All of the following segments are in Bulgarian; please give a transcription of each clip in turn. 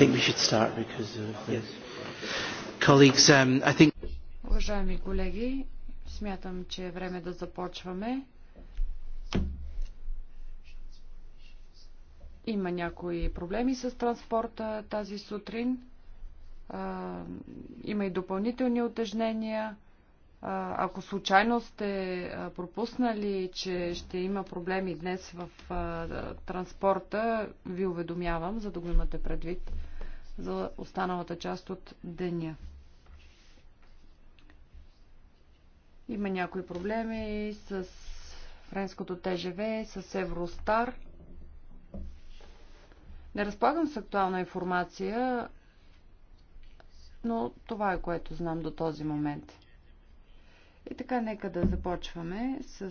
think we should start because of the... yes. colleagues. Um, I think. Уважаеми колеги, смятам, че е време да започваме. Има някои проблеми с транспорта тази сутрин. А, има и допълнителни отежнения. Ако случайно сте пропуснали, че ще има проблеми днес в транспорта, ви уведомявам, за да го имате предвид за останалата част от деня. Има някои проблеми с френското ТЖВ, с Евростар. Не разполагам с актуална информация, но това е което знам до този момент. И така, нека да започваме с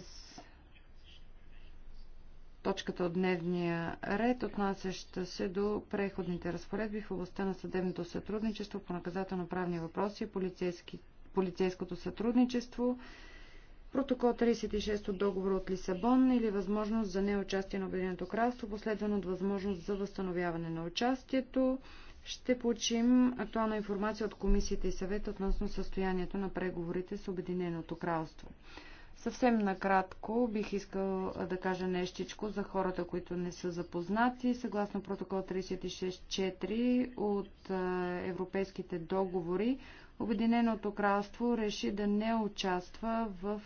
точката от дневния ред, отнасяща се до преходните разпоредби в областта на съдебното сътрудничество по наказателно-правни въпроси и полицейското сътрудничество, протокол 36 от договора от Лисабон или възможност за неучастие на Обединеното кралство, последвано от възможност за възстановяване на участието. Ще получим актуална информация от комисията и съвета относно състоянието на преговорите с Обединеното кралство. Съвсем накратко бих искал да кажа нещичко за хората, които не са запознати. Съгласно протокол 36.4 от европейските договори, Обединеното кралство реши да не участва в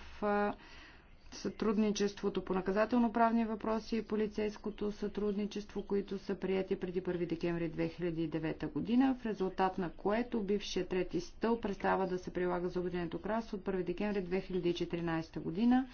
сътрудничеството по наказателно-правни въпроси и полицейското сътрудничество, които са прияти преди 1 декември 2009 година, в резултат на което бившия трети стъл престава да се прилага за Обединеното кралство от 1 декември 2014 година.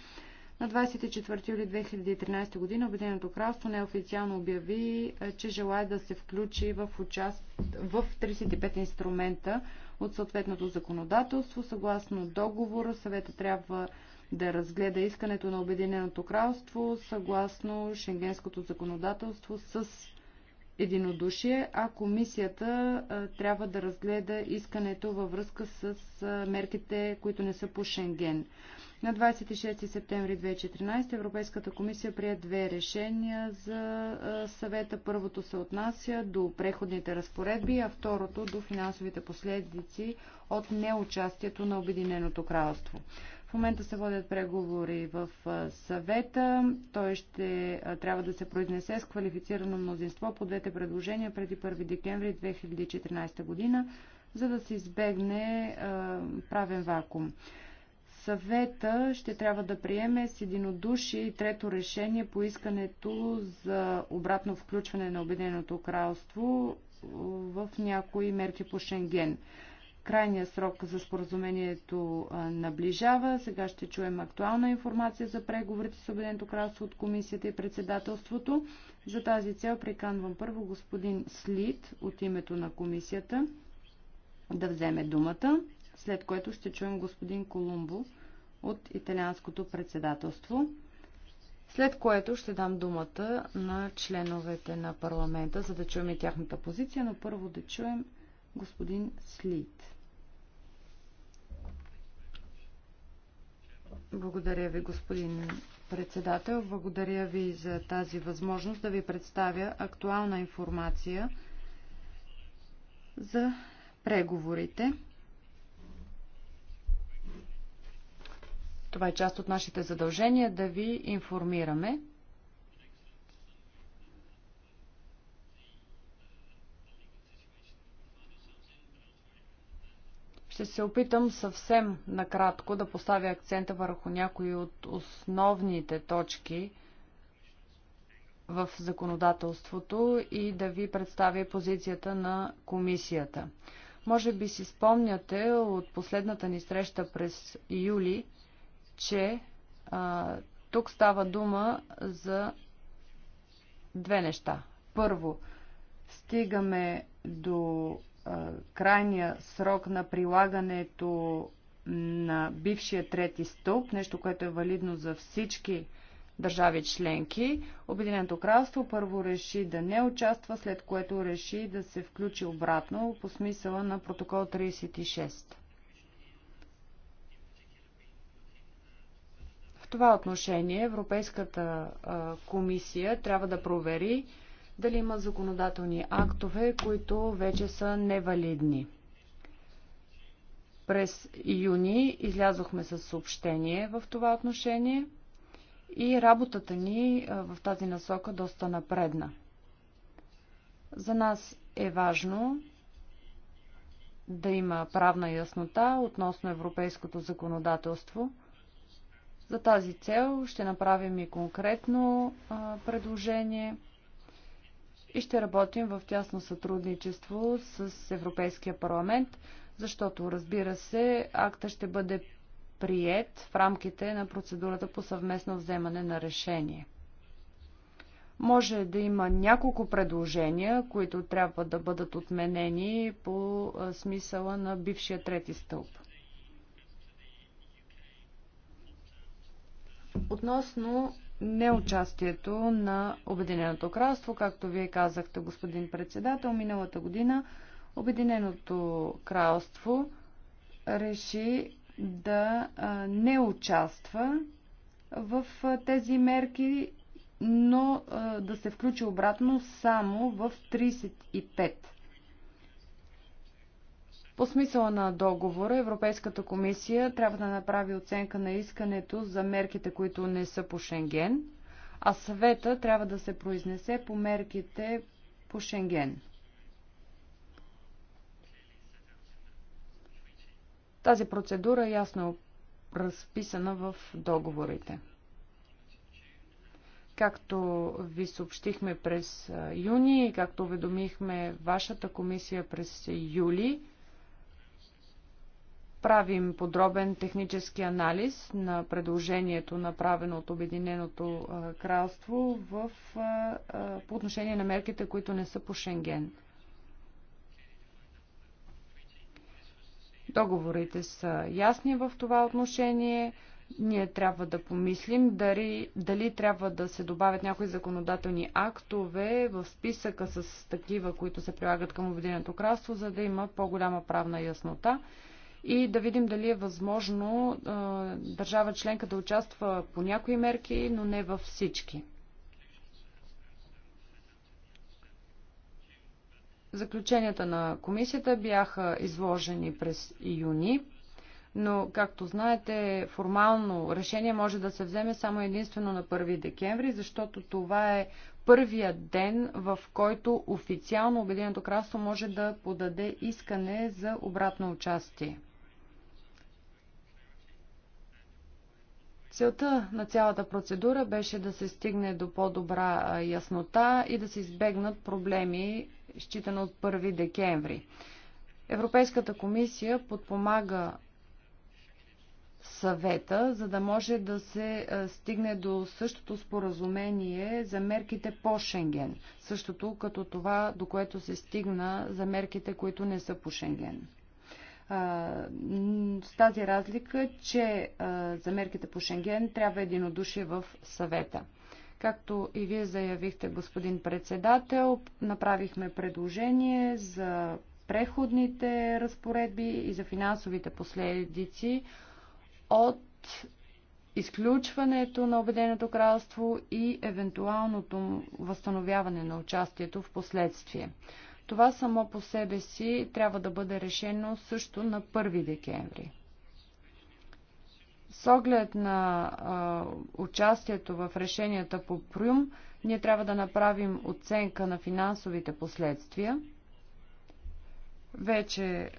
На 24 юли 2013 година Обединеното кралство неофициално обяви, е, че желая да се включи в, участ... в 35 инструмента от съответното законодателство. Съгласно договора, съвета трябва да разгледа искането на Обединеното кралство съгласно шенгенското законодателство с единодушие, а комисията трябва да разгледа искането във връзка с мерките, които не са по Шенген. На 26 септември 2014 Европейската комисия прие две решения за съвета. Първото се отнася до преходните разпоредби, а второто до финансовите последици от неучастието на Обединеното кралство. В момента се водят преговори в съвета. Той ще трябва да се произнесе с квалифицирано мнозинство по двете предложения преди 1 декември 2014 година, за да се избегне правен вакуум. Съвета ще трябва да приеме с единодушие и трето решение по искането за обратно включване на Обединеното кралство в някои мерки по Шенген. Крайният срок за споразумението наближава. Сега ще чуем актуална информация за преговорите с Обеденто кралство от комисията и председателството. За тази цел приканвам първо господин Слит от името на комисията да вземе думата, след което ще чуем господин Колумбо от италианското председателство. След което ще дам думата на членовете на парламента, за да чуем и тяхната позиция, но първо да чуем господин Слит. Благодаря ви, господин председател. Благодаря ви за тази възможност да ви представя актуална информация за преговорите. Това е част от нашите задължения да ви информираме. Ще се опитам съвсем накратко да поставя акцента върху някои от основните точки в законодателството и да ви представя позицията на комисията. Може би си спомняте от последната ни среща през юли, че а, тук става дума за две неща. Първо, стигаме до крайния срок на прилагането на бившия трети стълб, нещо, което е валидно за всички държави членки. Обединеното кралство първо реши да не участва, след което реши да се включи обратно по смисъла на протокол 36. В това отношение Европейската комисия трябва да провери дали има законодателни актове, които вече са невалидни. През юни излязохме с съобщение в това отношение и работата ни в тази насока доста напредна. За нас е важно да има правна яснота относно европейското законодателство. За тази цел ще направим и конкретно предложение – и ще работим в тясно сътрудничество с Европейския парламент, защото, разбира се, акта ще бъде прият в рамките на процедурата по съвместно вземане на решение. Може да има няколко предложения, които трябва да бъдат отменени по смисъла на бившия трети стълб. Относно неучастието на Обединеното кралство. Както вие казахте, господин председател, миналата година Обединеното кралство реши да не участва в тези мерки, но да се включи обратно само в 35 по смисъла на договора Европейската комисия трябва да направи оценка на искането за мерките, които не са по Шенген, а съвета трябва да се произнесе по мерките по Шенген. Тази процедура е ясно разписана в договорите. Както ви съобщихме през юни и както уведомихме вашата комисия през юли, правим подробен технически анализ на предложението, направено от Обединеното кралство в, по отношение на мерките, които не са по Шенген. Договорите са ясни в това отношение. Ние трябва да помислим дали, дали трябва да се добавят някои законодателни актове в списъка с такива, които се прилагат към Обединеното кралство, за да има по-голяма правна яснота и да видим дали е възможно а, държава членка да участва по някои мерки, но не във всички. Заключенията на комисията бяха изложени през юни, но, както знаете, формално решение може да се вземе само единствено на 1 декември, защото това е първият ден, в който официално Обединеното кралство може да подаде искане за обратно участие. Целта на цялата процедура беше да се стигне до по-добра яснота и да се избегнат проблеми, считано от 1 декември. Европейската комисия подпомага съвета, за да може да се стигне до същото споразумение за мерките по Шенген. Същото като това, до което се стигна за мерките, които не са по Шенген с тази разлика, че за мерките по Шенген трябва единодушие в съвета. Както и вие заявихте, господин председател, направихме предложение за преходните разпоредби и за финансовите последици от изключването на Обеденото кралство и евентуалното възстановяване на участието в последствие. Това само по себе си трябва да бъде решено също на 1 декември. С оглед на а, участието в решенията по Прюм, ние трябва да направим оценка на финансовите последствия. Вече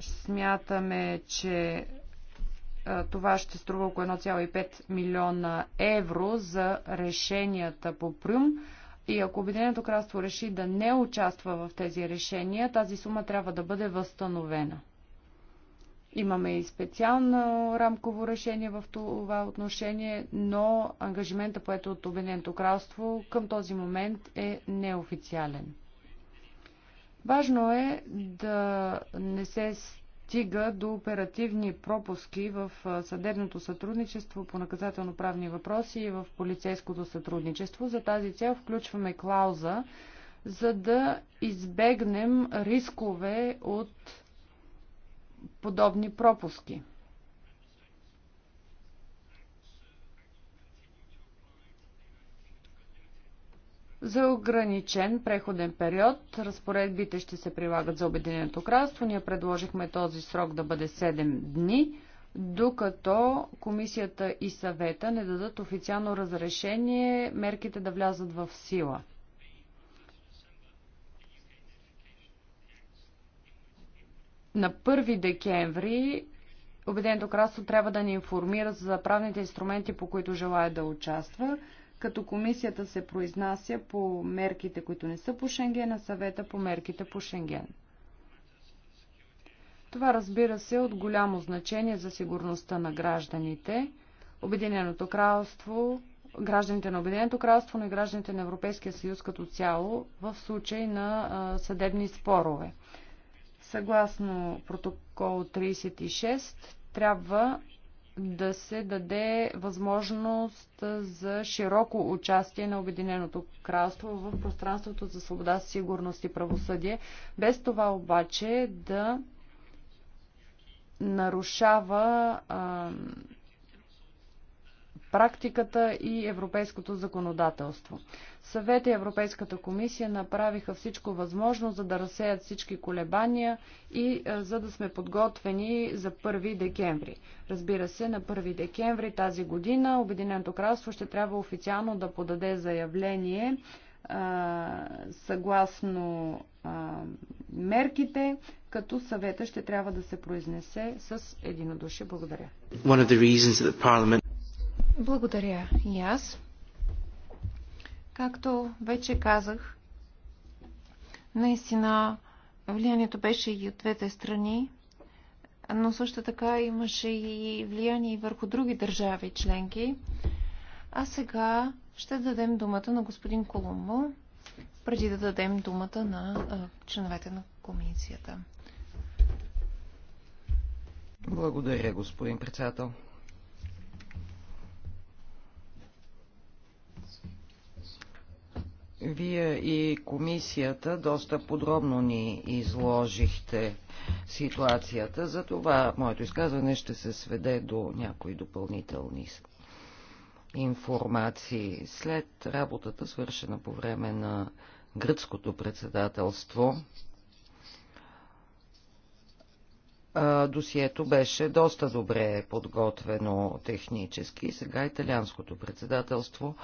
смятаме, че а, това ще струва около 1,5 милиона евро за решенията по Прюм и ако Обединеното кралство реши да не участва в тези решения, тази сума трябва да бъде възстановена. Имаме и специално рамково решение в това отношение, но ангажимента, поето от Обединеното кралство, към този момент е неофициален. Важно е да не се стига до оперативни пропуски в съдебното сътрудничество по наказателно-правни въпроси и в полицейското сътрудничество. За тази цел включваме клауза, за да избегнем рискове от подобни пропуски. За ограничен преходен период разпоредбите ще се прилагат за Обединеното кралство. Ние предложихме този срок да бъде 7 дни, докато комисията и съвета не дадат официално разрешение мерките да влязат в сила. На 1 декември Обединеното кралство трябва да ни информира за правните инструменти, по които желая да участва като комисията се произнася по мерките, които не са по Шенген, а съвета по мерките по Шенген. Това разбира се е от голямо значение за сигурността на гражданите. Обединеното кралство, гражданите на Обединеното кралство, но и гражданите на Европейския съюз като цяло в случай на а, съдебни спорове. Съгласно протокол 36, трябва да се даде възможност за широко участие на Обединеното кралство в пространството за свобода, сигурност и правосъдие, без това обаче да нарушава практиката и европейското законодателство. Съвет и Европейската комисия направиха всичко възможно, за да разсеят всички колебания и е, за да сме подготвени за 1 декември. Разбира се, на 1 декември тази година Обединеното кралство ще трябва официално да подаде заявление е, съгласно е, мерките, като съвета ще трябва да се произнесе с единодушие. Благодаря. Благодаря и аз. Както вече казах, наистина влиянието беше и от двете страни, но също така имаше и влияние върху други държави членки. А сега ще дадем думата на господин Колумбо, преди да дадем думата на членовете на комисията. Благодаря, господин председател. Вие и комисията доста подробно ни изложихте ситуацията, за това моето изказване ще се сведе до някои допълнителни информации. След работата, свършена по време на гръцкото председателство, досието беше доста добре подготвено технически. Сега италианското председателство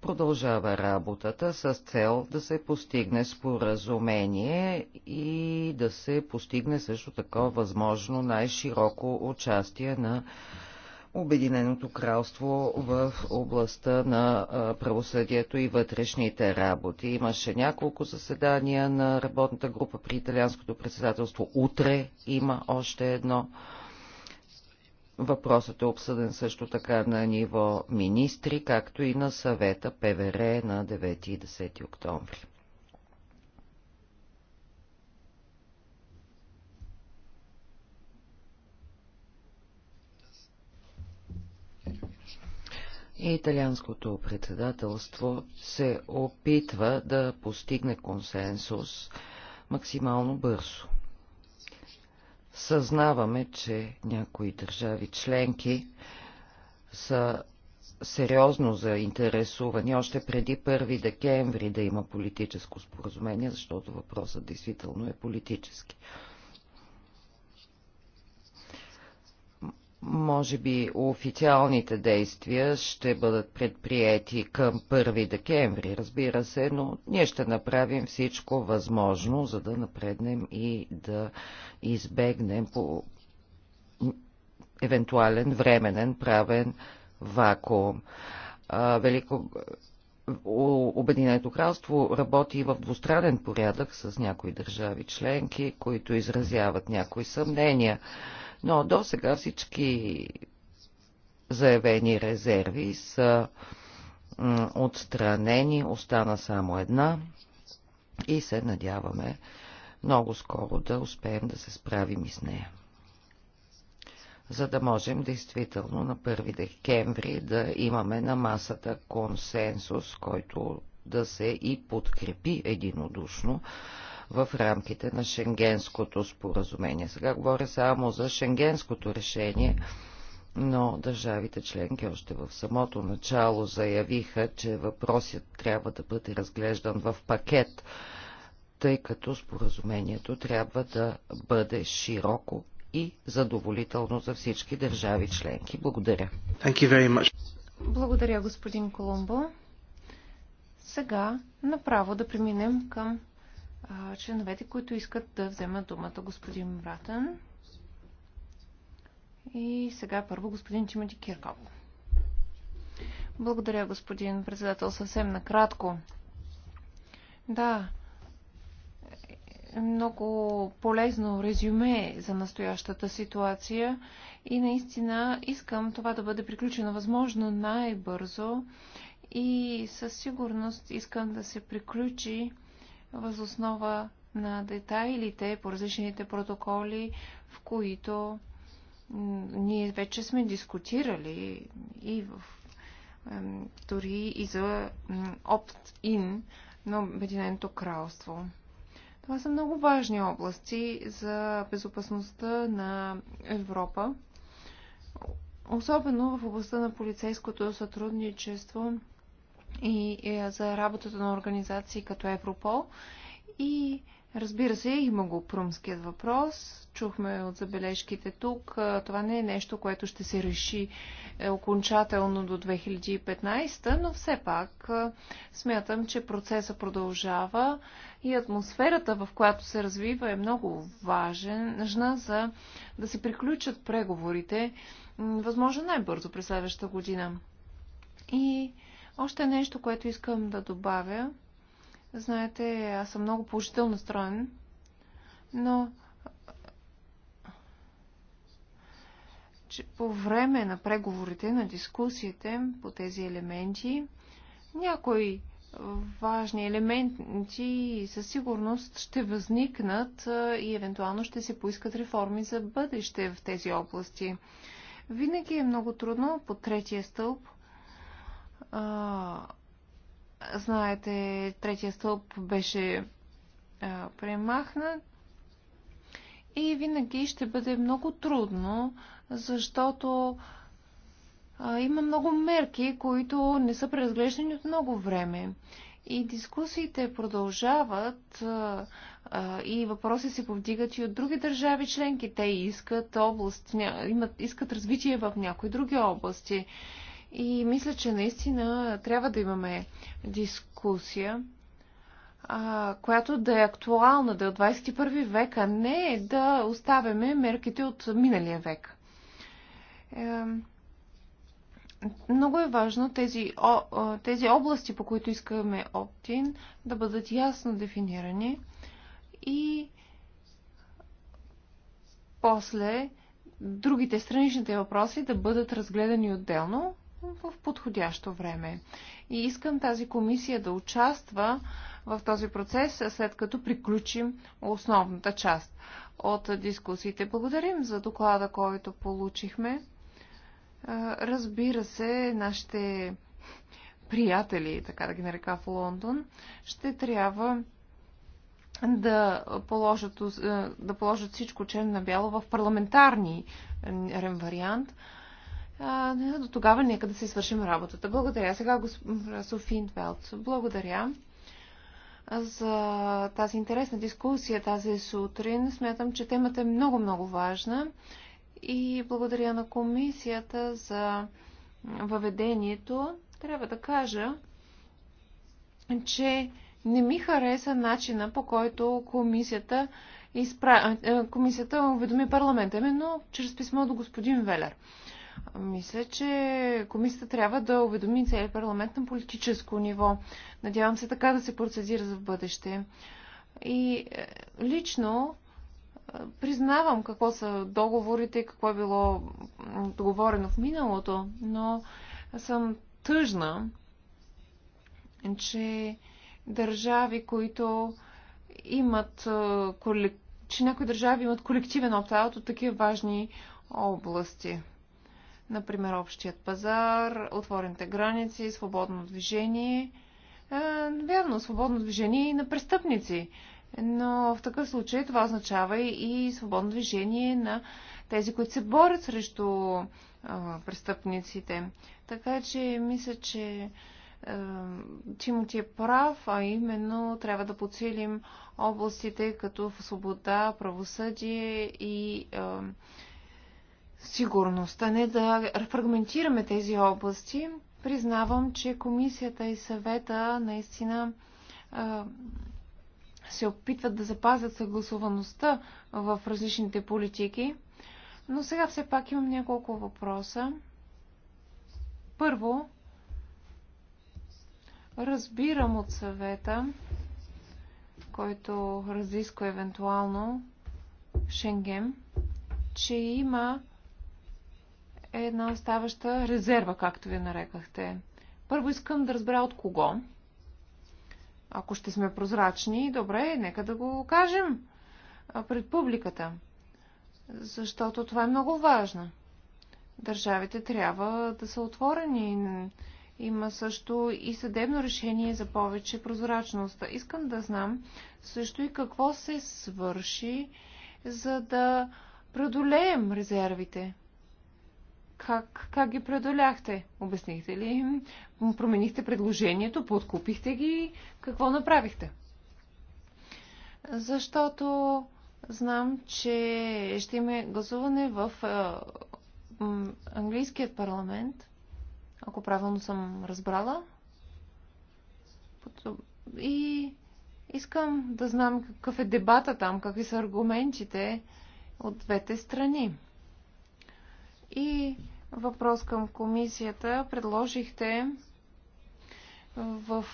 продължава работата с цел да се постигне споразумение и да се постигне също така възможно най-широко участие на Обединеното кралство в областта на правосъдието и вътрешните работи. Имаше няколко заседания на работната група при италианското председателство. Утре има още едно. Въпросът е обсъден също така на ниво министри, както и на съвета ПВР на 9 и 10 октомври. италианското председателство се опитва да постигне консенсус максимално бързо. Съзнаваме, че някои държави членки са сериозно заинтересувани още преди 1 декември да има политическо споразумение, защото въпросът действително е политически. Може би официалните действия ще бъдат предприяти към 1 декември, разбира се, но ние ще направим всичко възможно, за да напреднем и да избегнем по евентуален временен правен вакуум. Велико... Обединеното кралство работи и в двустранен порядък с някои държави членки, които изразяват някои съмнения но до сега всички заявени резерви са отстранени, остана само една и се надяваме много скоро да успеем да се справим и с нея. За да можем действително на 1 декември да имаме на масата консенсус, който да се и подкрепи единодушно в рамките на Шенгенското споразумение. Сега говоря само за Шенгенското решение, но държавите членки още в самото начало заявиха, че въпросът трябва да бъде разглеждан в пакет, тъй като споразумението трябва да бъде широко и задоволително за всички държави членки. Благодаря. Благодаря, господин Колумбо. Сега направо да преминем към членовете, които искат да вземат думата господин Вратен. И сега първо господин Тимоти Кирков. Благодаря, господин председател. Съвсем накратко. Да, е, много полезно резюме за настоящата ситуация и наистина искам това да бъде приключено възможно най-бързо и със сигурност искам да се приключи възоснова на детайлите по различните протоколи, в които ние вече сме дискутирали и в дори и за опт-ин на Обединеното кралство. Това са много важни области за безопасността на Европа, особено в областта на полицейското сътрудничество и е, за работата на организации като Европол. И разбира се, има го прумският въпрос. Чухме от забележките тук. Това не е нещо, което ще се реши е, окончателно до 2015, но все пак смятам, че процеса продължава и атмосферата, в която се развива, е много важна за да се приключат преговорите възможно най-бързо през следващата година. И още нещо, което искам да добавя. Знаете, аз съм много положително настроен, но че по време на преговорите, на дискусиите по тези елементи, някои важни елементи със сигурност ще възникнат и евентуално ще се поискат реформи за бъдеще в тези области. Винаги е много трудно по третия стълб – а, знаете, третия стълб беше а, премахнат и винаги ще бъде много трудно, защото а, има много мерки, които не са преразглеждани от много време. И дискусиите продължават а, а, и въпроси се повдигат и от други държави членки. Те искат област, ня, имат, искат развитие в някои други области. И мисля, че наистина трябва да имаме дискусия, а, която да е актуална, да е от 21 век, а не да оставяме мерките от миналия век. Е, много е важно тези, о, тези области, по които искаме оптин, да бъдат ясно дефинирани и после другите страничните въпроси да бъдат разгледани отделно в подходящо време. И искам тази комисия да участва в този процес, след като приключим основната част от дискусиите. Благодарим за доклада, който получихме. Разбира се, нашите приятели, така да ги нарека в Лондон, ще трябва да положат, да положат всичко черно е на бяло в парламентарни вариант, а, до тогава нека да се свършим работата. Благодаря. Сега госпожа Софин Велт. Благодаря за тази интересна дискусия тази сутрин. Смятам, че темата е много-много важна и благодаря на комисията за въведението. Трябва да кажа, че не ми хареса начина по който комисията, изпра... комисията уведоми парламента, именно чрез писмо до господин Велер. Мисля, че комисията трябва да уведоми целият парламент на политическо ниво. Надявам се така да се процедира за в бъдеще. И е, лично е, признавам какво са договорите, какво е било договорено в миналото, но съм тъжна, че държави, които имат е, че някои държави имат колективен опт от такива важни области. Например, общият пазар, отворените граници, свободно движение. Е, вярно, свободно движение и на престъпници. Но в такъв случай това означава и свободно движение на тези, които се борят срещу престъпниците. Така че мисля, че Тимоти е прав, а именно трябва да подсилим областите като свобода, правосъдие и сигурността, не да фрагментираме тези области. Признавам, че комисията и съвета наистина се опитват да запазят съгласуваността в различните политики. Но сега все пак имам няколко въпроса. Първо, разбирам от съвета, който разисква евентуално Шенген, че има е една оставаща резерва, както ви нарекахте. Първо искам да разбера от кого. Ако ще сме прозрачни, добре, нека да го кажем пред публиката. Защото това е много важно. Държавите трябва да са отворени. Има също и съдебно решение за повече прозрачност. Искам да знам също и какво се свърши, за да преодолеем резервите. Как, как ги преодоляхте? Обяснихте ли им? Променихте предложението? Подкупихте ги? Какво направихте? Защото знам, че ще има гласуване в английският парламент, ако правилно съм разбрала. И искам да знам какъв е дебата там, какви са аргументите от двете страни. И Въпрос към комисията. Предложихте в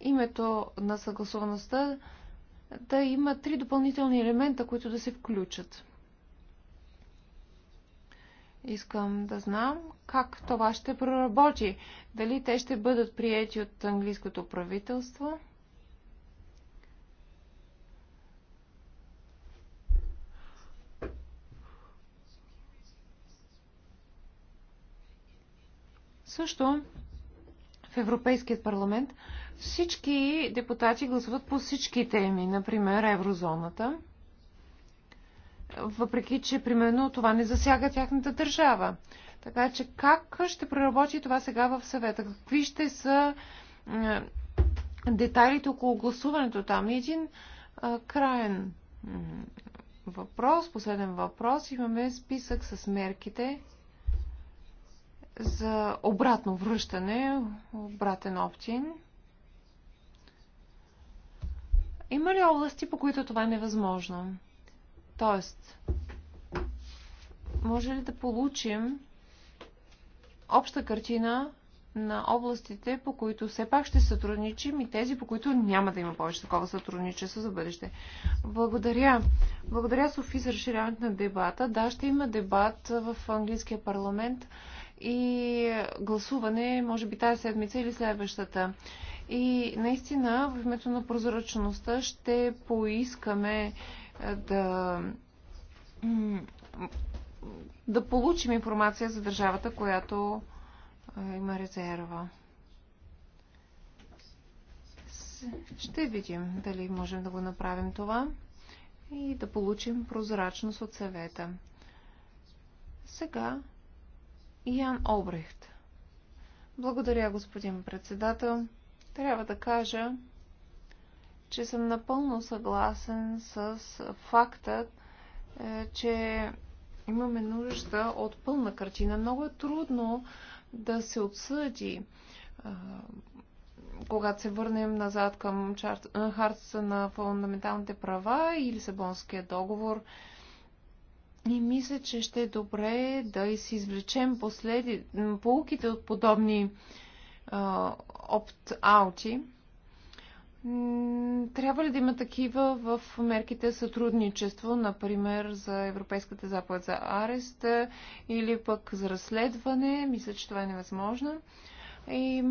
името на съгласуваността да има три допълнителни елемента, които да се включат. Искам да знам как това ще проработи. Дали те ще бъдат приети от английското правителство? Също в Европейският парламент всички депутати гласуват по всички теми, например еврозоната, въпреки че примерно това не засяга тяхната държава. Така че как ще преработи това сега в съвета? Какви ще са детайлите около гласуването там? Един а, краен въпрос, последен въпрос. Имаме списък с мерките, за обратно връщане, обратен оптин. Има ли области, по които това е невъзможно? Тоест, може ли да получим обща картина на областите, по които все пак ще сътрудничим и тези, по които няма да има повече такова сътрудничество за бъдеще. Благодаря. Благодаря, Софи, за разширяването на дебата. Да, ще има дебат в английския парламент и гласуване, може би тази седмица или следващата. И наистина в името на прозрачността ще поискаме е, да да получим информация за държавата, която е, има резерва. Ще видим дали можем да го направим това и да получим прозрачност от съвета. Сега Ян Обрехт. Благодаря, господин председател. Трябва да кажа, че съм напълно съгласен с факта, е, че имаме нужда от пълна картина. Много е трудно да се отсъди, е, когато се върнем назад към хартата на фундаменталните права и Лисабонския договор. И мисля, че ще е добре да си извлечем последи... полуките от подобни опт-аути. Трябва ли да има такива в мерките сътрудничество, например за Европейската заповед за арест или пък за разследване? Мисля, че това е невъзможно. И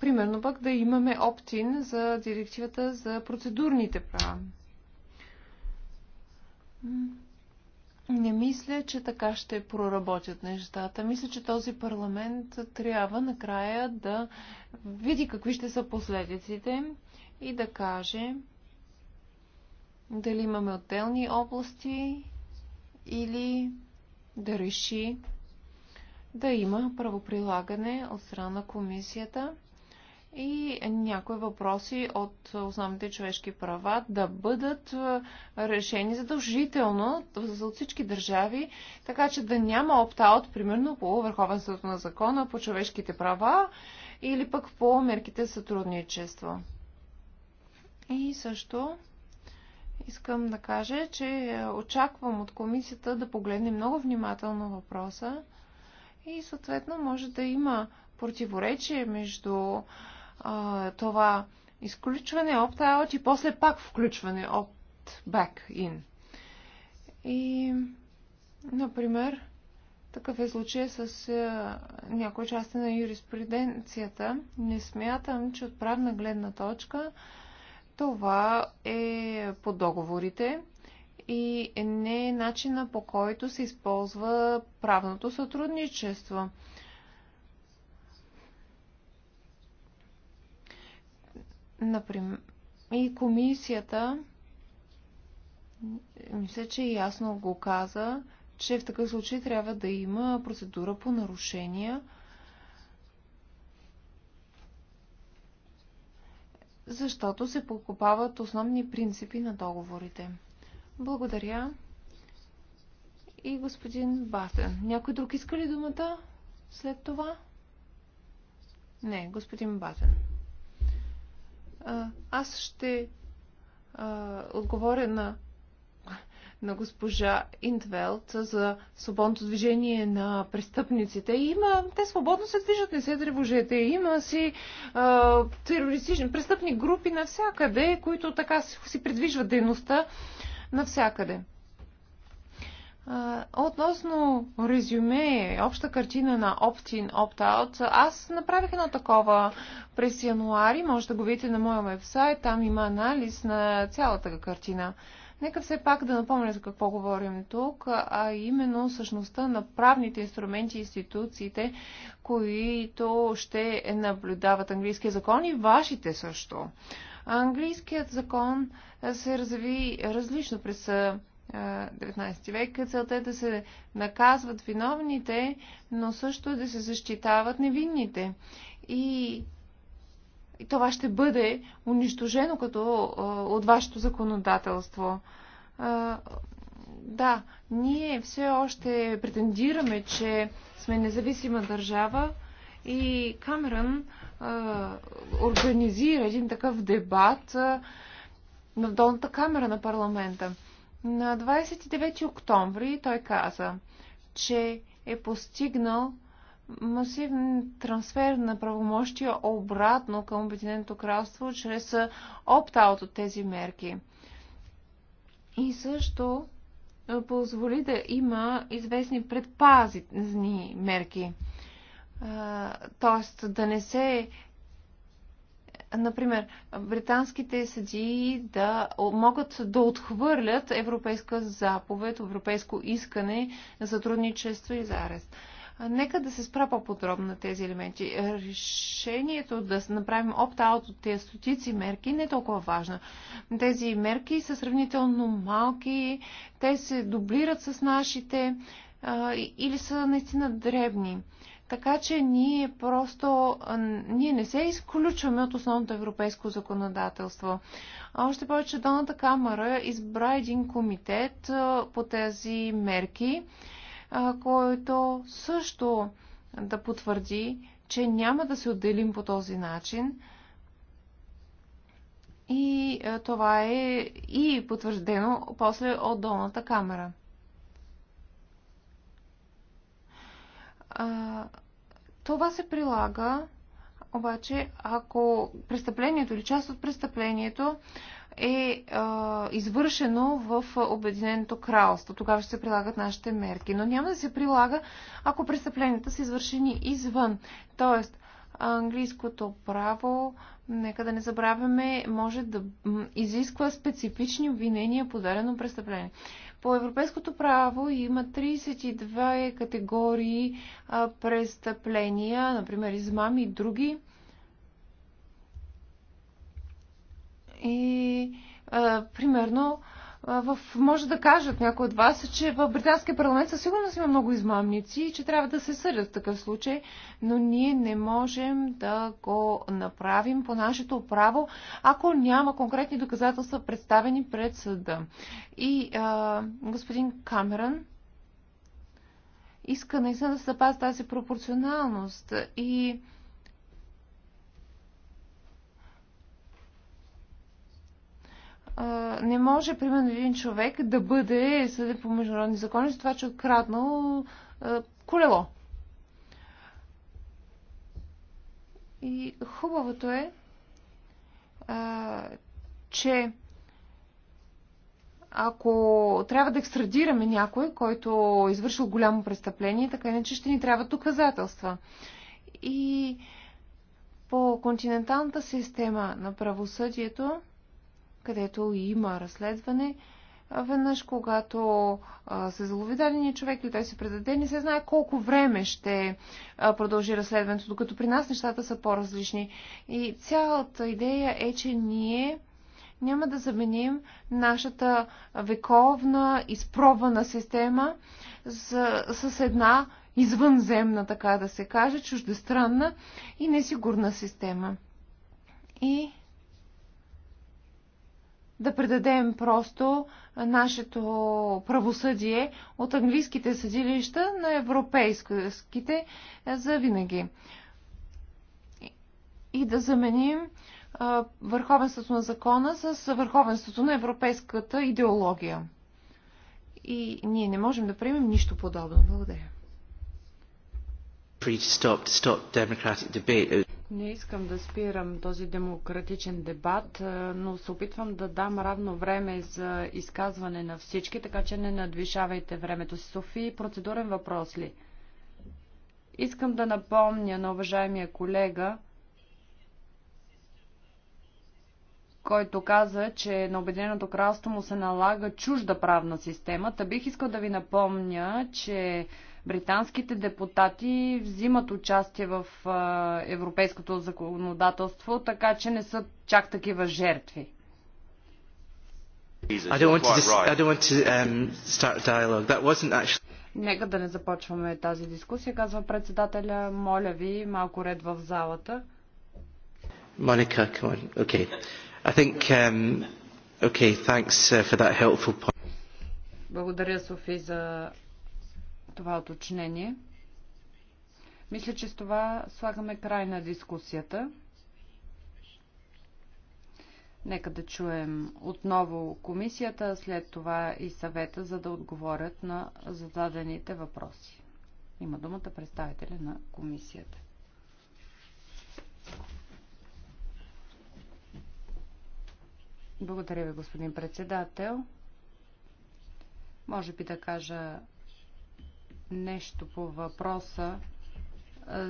примерно пък да имаме оптин за директивата за процедурните права. Не мисля, че така ще проработят нещата. Мисля, че този парламент трябва накрая да види какви ще са последиците и да каже дали имаме отделни области или да реши да има правоприлагане от страна на комисията и някои въпроси от основните човешки права да бъдат е, решени задължително за всички държави, така че да няма опта аут примерно по върховенството на закона, по човешките права или пък по мерките за сътрудничество. И също искам да кажа, че очаквам от комисията да погледне много внимателно въпроса и съответно може да има противоречие между а, това изключване, opt-out е и после пак включване, opt-back in. И, например, такъв е случай с а, някои части на юриспруденцията. Не смятам, че от правна гледна точка това е по договорите и не е начина по който се използва правното сътрудничество. Например, и комисията, мисля, че ясно го каза, че в такъв случай трябва да има процедура по нарушения, защото се покупават основни принципи на договорите. Благодаря. И господин Батен. Някой друг иска ли думата след това? Не, господин Батен. Аз ще а, отговоря на, на госпожа Интвелт за свободното движение на престъпниците. Има, те свободно се движат, не се тревожете. Има си а, терористични престъпни групи навсякъде, които така си, си предвижват дейността навсякъде. Относно резюме, обща картина на Opt-in, Opt-out, аз направих едно такова през януари, може да го видите на моя вебсайт, там има анализ на цялата картина. Нека все пак да напомня за какво говорим тук, а именно същността на правните инструменти и институциите, които ще наблюдават английския закон и вашите също. Английският закон се разви различно през 19 век. Целта е да се наказват виновните, но също да се защитават невинните. И, и това ще бъде унищожено като от вашето законодателство. да, ние все още претендираме, че сме независима държава и Камерън организира един такъв дебат на долната камера на парламента. На 29 октомври той каза, че е постигнал масивен трансфер на правомощия обратно към Обединеното кралство чрез опт-аут от тези мерки. И също е, позволи да има известни предпазни мерки. Тоест да не се например, британските съдии да могат да отхвърлят европейска заповед, европейско искане за трудничество и за арест. Нека да се спра по-подробно на тези елементи. Решението да направим опт-аут от тези стотици мерки не е толкова важно. Тези мерки са сравнително малки, те се дублират с нашите или са наистина дребни. Така че ние просто ние не се изключваме от основното европейско законодателство. Още повече Долната камера избра един комитет по тези мерки, който също да потвърди, че няма да се отделим по този начин. И това е и потвърждено после от долната камера. това се прилага, обаче, ако престъплението или част от престъплението е а, извършено в Обединеното кралство. Тогава ще се прилагат нашите мерки. Но няма да се прилага, ако престъпленията са извършени извън. Тоест, английското право, нека да не забравяме, може да изисква специфични обвинения по дадено престъпление. По европейското право има 32 категории престъпления, например измами и други. И, а, примерно, в, може да кажат някои от вас, че в британския парламент със сигурност има много измамници и че трябва да се съдят в такъв случай, но ние не можем да го направим по нашето право, ако няма конкретни доказателства представени пред съда. И а, господин Камерън иска наистина да се запази тази пропорционалност и не може, примерно, един човек да бъде съден по международни закони за това, че е откраднал колело. И хубавото е, а, че ако трябва да екстрадираме някой, който е извършил голямо престъпление, така иначе ще ни трябват доказателства. И по континенталната система на правосъдието, където има разследване. Веднъж, когато се залови дадения човек или той се предаде, не се знае колко време ще продължи разследването, докато при нас нещата са по-различни. И цялата идея е, че ние няма да заменим нашата вековна, изпробвана система с, с една извънземна, така да се каже, чуждестранна и несигурна система. И да предадем просто нашето правосъдие от английските съдилища на европейските е, за винаги. И да заменим върховенството на закона с върховенството на европейската идеология. И ние не можем да приемем нищо подобно. Благодаря. Не искам да спирам този демократичен дебат, но се опитвам да дам равно време за изказване на всички, така че не надвишавайте времето си. Софи, процедурен въпрос ли? Искам да напомня на уважаемия колега, който каза, че на Обединеното кралство му се налага чужда правна система. Та бих искал да ви напомня, че британските депутати взимат участие в европейското законодателство, така че не са чак такива жертви. Um, Нека да не започваме тази дискусия, казва председателя. Моля ви, малко ред в залата. Моника, come on. Okay. I think, um, okay, thanks uh, for that helpful point. Благодаря, Софи, за това оточнение. Мисля, че с това слагаме край на дискусията. Нека да чуем отново комисията, след това и съвета, за да отговорят на зададените въпроси. Има думата представителя на комисията. Благодаря ви, господин председател. Може би да кажа нещо по въпроса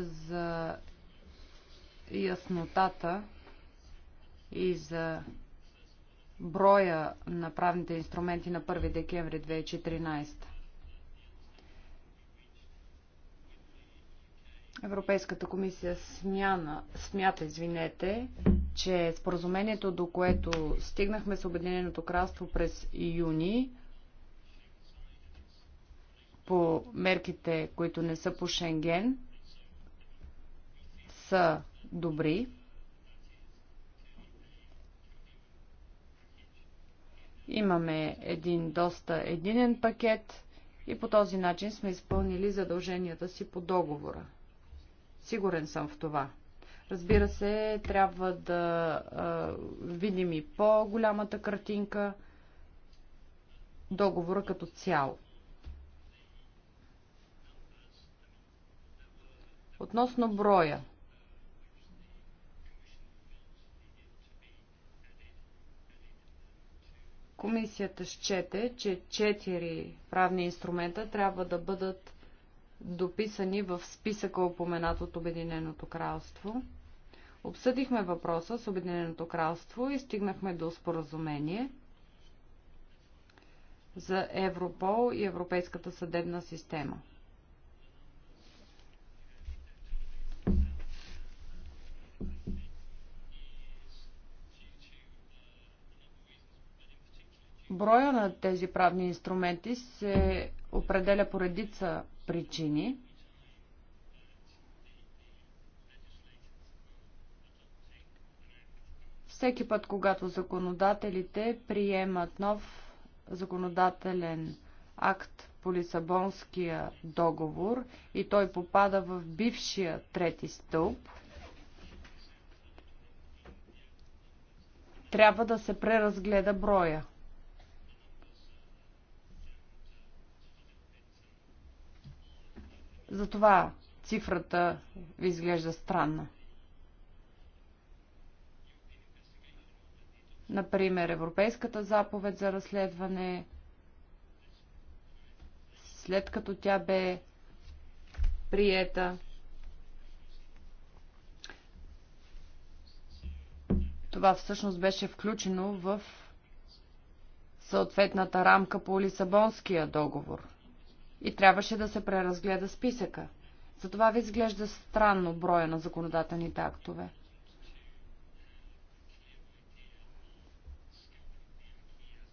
за яснотата и за броя на правните инструменти на 1 декември 2014. Европейската комисия смяна, смята, извинете, че споразумението, до което стигнахме с Обединеното кралство през юни, по мерките, които не са по Шенген, са добри. Имаме един доста единен пакет и по този начин сме изпълнили задълженията си по договора. Сигурен съм в това. Разбира се, трябва да а, видим и по-голямата картинка, договора като цяло. Относно броя. Комисията счете, че четири правни инструмента трябва да бъдат дописани в списъка упоменат от Обединеното кралство. Обсъдихме въпроса с Обединеното кралство и стигнахме до споразумение за Европол и Европейската съдебна система. Броя на тези правни инструменти се определя по редица причини. Всеки път, когато законодателите приемат нов законодателен акт по Лисабонския договор и той попада в бившия трети стълб, трябва да се преразгледа броя. Затова цифрата ви изглежда странна. Например, Европейската заповед за разследване, след като тя бе приета, това всъщност беше включено в съответната рамка по Лисабонския договор – и трябваше да се преразгледа списъка. Затова ви изглежда странно броя на законодателните актове.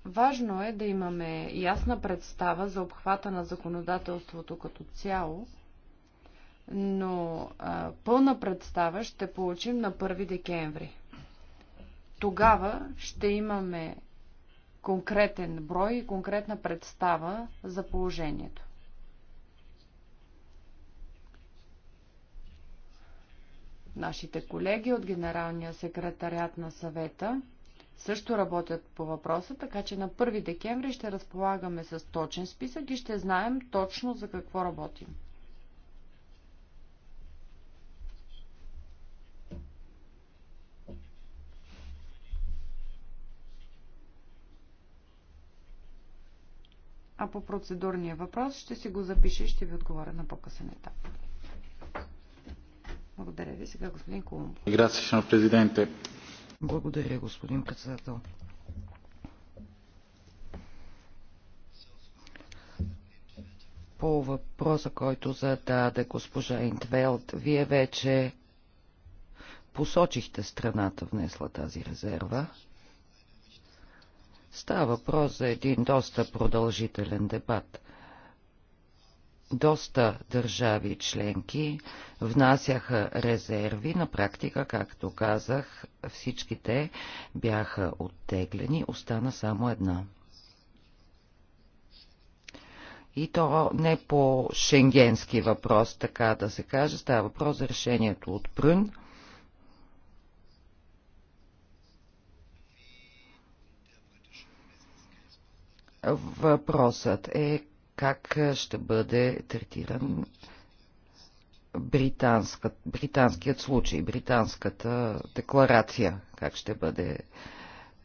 Важно е да имаме ясна представа за обхвата на законодателството като цяло, но а, пълна представа ще получим на 1 декември. Тогава ще имаме конкретен брой и конкретна представа за положението. Нашите колеги от Генералния секретарят на съвета също работят по въпроса, така че на 1 декември ще разполагаме с точен списък и ще знаем точно за какво работим. А по процедурния въпрос ще си го запиша и ще ви отговоря на по-късен етап. Благодаря ви. Сега господин Колумбо. Благодаря, господин председател. По въпроса, който зададе госпожа Интвелд, вие вече посочихте страната внесла тази резерва. Става въпрос за един доста продължителен дебат доста държави членки внасяха резерви. На практика, както казах, всичките бяха оттеглени, остана само една. И то не по шенгенски въпрос, така да се каже. Става въпрос за решението от Прън. Въпросът е как е, ще бъде третиран британският случай, британската декларация, как ще бъде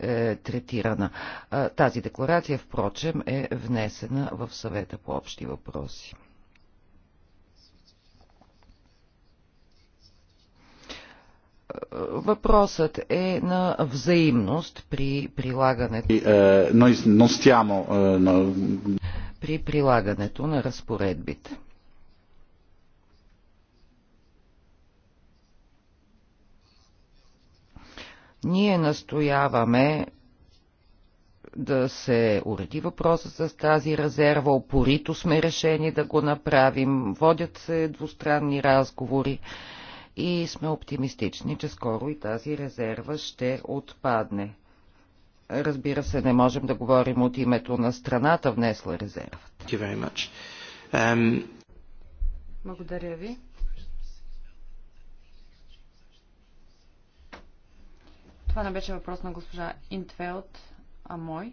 е, третирана. Тази декларация, впрочем, е внесена в съвета по общи въпроси. Въпросът е на взаимност при прилагането. Е, е, при прилагането на разпоредбите. Ние настояваме да се уреди въпроса с тази резерва. Опорито сме решени да го направим. Водят се двустранни разговори и сме оптимистични, че скоро и тази резерва ще отпадне. Разбира се, не можем да говорим от името на страната, внесла резервата. Um... Благодаря ви. Това не беше въпрос на госпожа Интфелд, а мой.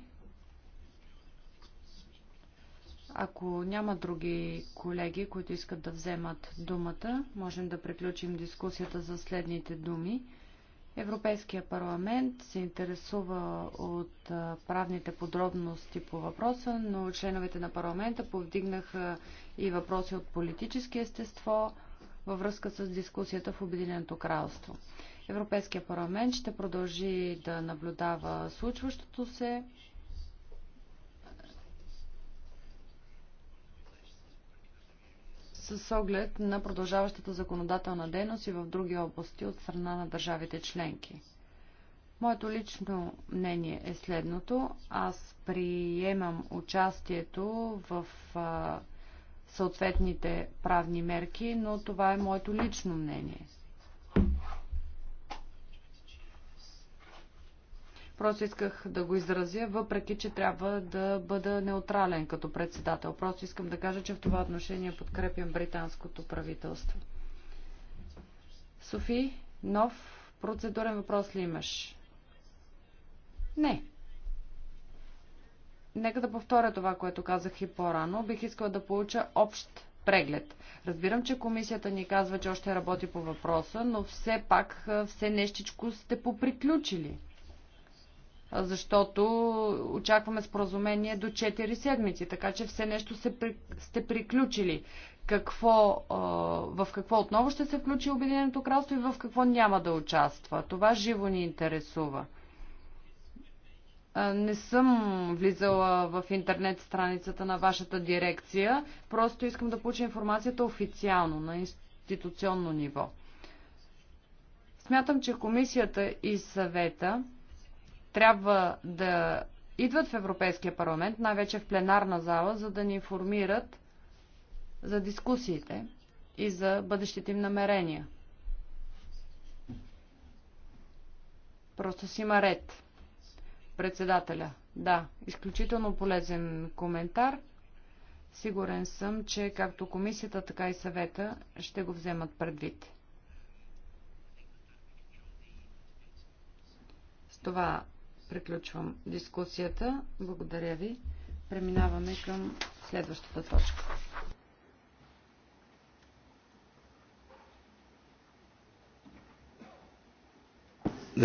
Ако няма други колеги, които искат да вземат думата, можем да приключим дискусията за следните думи. Европейския парламент се интересува от правните подробности по въпроса, но членовете на парламента повдигнаха и въпроси от политически естество във връзка с дискусията в Обединеното кралство. Европейския парламент ще продължи да наблюдава случващото се с оглед на продължаващата законодателна дейност и в други области от страна на държавите членки. Моето лично мнение е следното. Аз приемам участието в съответните правни мерки, но това е моето лично мнение. Просто исках да го изразя, въпреки че трябва да бъда неутрален като председател. Просто искам да кажа, че в това отношение подкрепям британското правителство. Софи, нов процедурен въпрос ли имаш? Не. Нека да повторя това, което казах и по-рано. Бих искала да получа общ преглед. Разбирам, че комисията ни казва, че още работи по въпроса, но все пак все нещичко сте поприключили защото очакваме споразумение до 4 седмици, така че все нещо се, при... сте приключили. Какво, в какво отново ще се включи Обединеното кралство и в какво няма да участва. Това живо ни интересува. Не съм влизала в интернет страницата на вашата дирекция, просто искам да получа информацията официално, на институционно ниво. Смятам, че комисията и съвета трябва да идват в Европейския парламент, най-вече в пленарна зала, за да ни информират за дискусиите и за бъдещите им намерения. Просто си има ред. Председателя. Да, изключително полезен коментар. Сигурен съм, че както комисията, така и съвета ще го вземат предвид. С това приключвам дискусията. Благодаря ви. Преминаваме към следващата точка.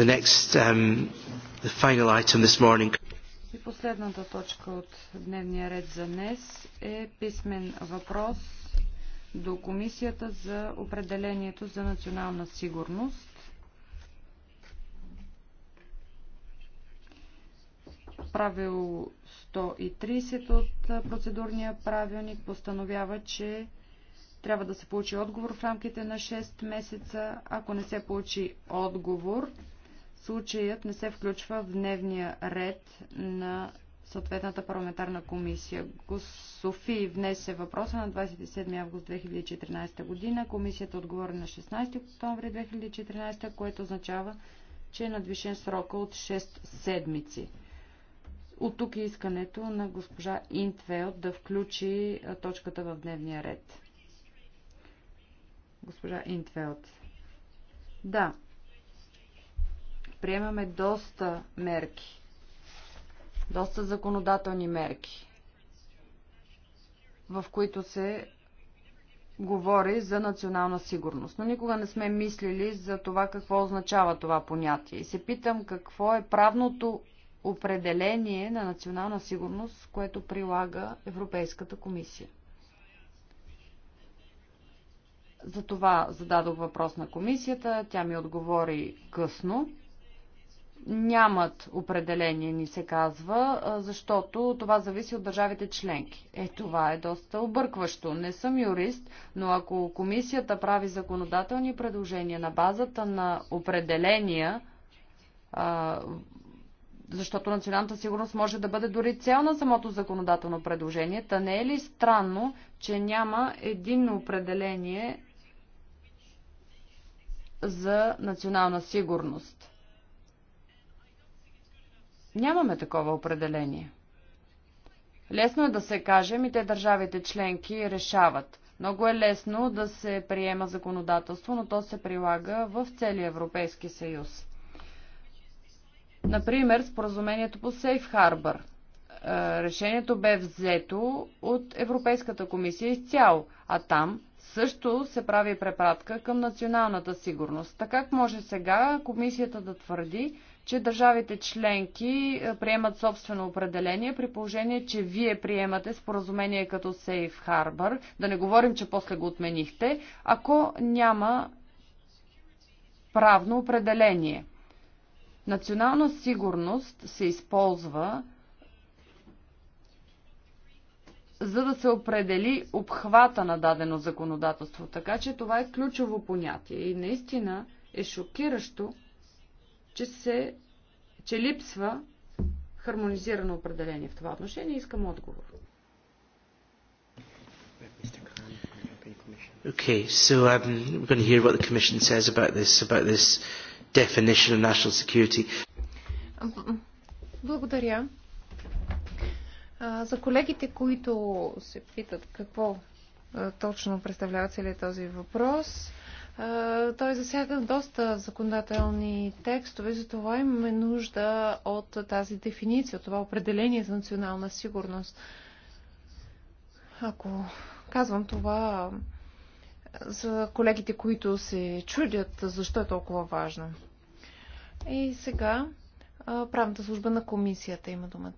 The next, um, the final item this morning. И последната точка от дневния ред за днес е писмен въпрос до Комисията за определението за национална сигурност правило 130 от процедурния правилник постановява, че трябва да се получи отговор в рамките на 6 месеца. Ако не се получи отговор, случаят не се включва в дневния ред на съответната парламентарна комисия. Софи внесе въпроса на 27 август 2014 година. Комисията отговори на 16 октомври 2014, което означава, че е надвишен срока от 6 седмици. От тук е искането на госпожа Интвелд да включи точката в дневния ред. Госпожа Интвелд. Да. Приемаме доста мерки. Доста законодателни мерки, в които се говори за национална сигурност. Но никога не сме мислили за това какво означава това понятие. И се питам какво е правното определение на национална сигурност, което прилага Европейската комисия. Затова зададох въпрос на комисията, тя ми отговори късно. Нямат определение, ни се казва, защото това зависи от държавите членки. Е, това е доста объркващо. Не съм юрист, но ако комисията прави законодателни предложения на базата на определения, защото националната сигурност може да бъде дори цел на самото законодателно предложение. Та не е ли странно, че няма единно определение за национална сигурност? Нямаме такова определение. Лесно е да се каже, и те държавите членки решават. Много е лесно да се приема законодателство, но то се прилага в целия Европейски съюз. Например, споразумението по Safe Harbor. Е, решението бе взето от Европейската комисия изцяло, а там също се прави препратка към националната сигурност. Така как може сега комисията да твърди, че държавите членки е, приемат собствено определение, при положение, че вие приемате споразумение като Safe Harbor, да не говорим, че после го отменихте, ако няма правно определение. Национална сигурност се използва за да се определи обхвата на дадено законодателство. Така че това е ключово понятие и наистина е шокиращо, че, се, че липсва хармонизирано определение в това отношение. Искам отговор. Okay, so um, we're going to hear what the Commission says about this, about this definition of national security. Благодаря. За колегите, които се питат какво точно представлява целият този въпрос, той засяга доста законодателни текстове, затова имаме нужда от тази дефиниция, от това определение за национална сигурност. Ако казвам това за колегите, които се чудят защо е толкова важно. И сега правната служба на комисията има думата.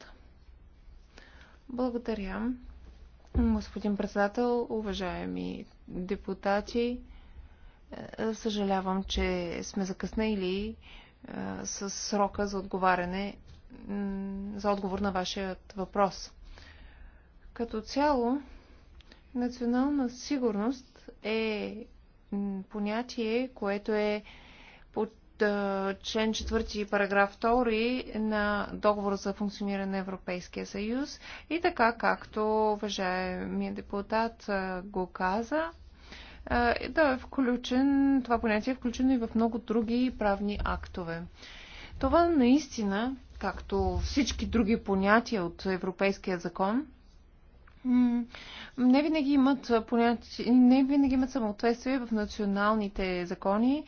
Благодаря. Господин председател, уважаеми депутати, е, съжалявам, че сме закъснели е, с срока за отговаряне, за отговор на вашият въпрос. Като цяло, национална сигурност е понятие, което е под член 4, параграф 2 на договора за функциониране на Европейския съюз. И така, както уважаемия депутат го каза, да е включен, това понятие е включено и в много други правни актове. Това наистина, както всички други понятия от Европейския закон, не винаги имат, не винаги имат самоответствие в националните закони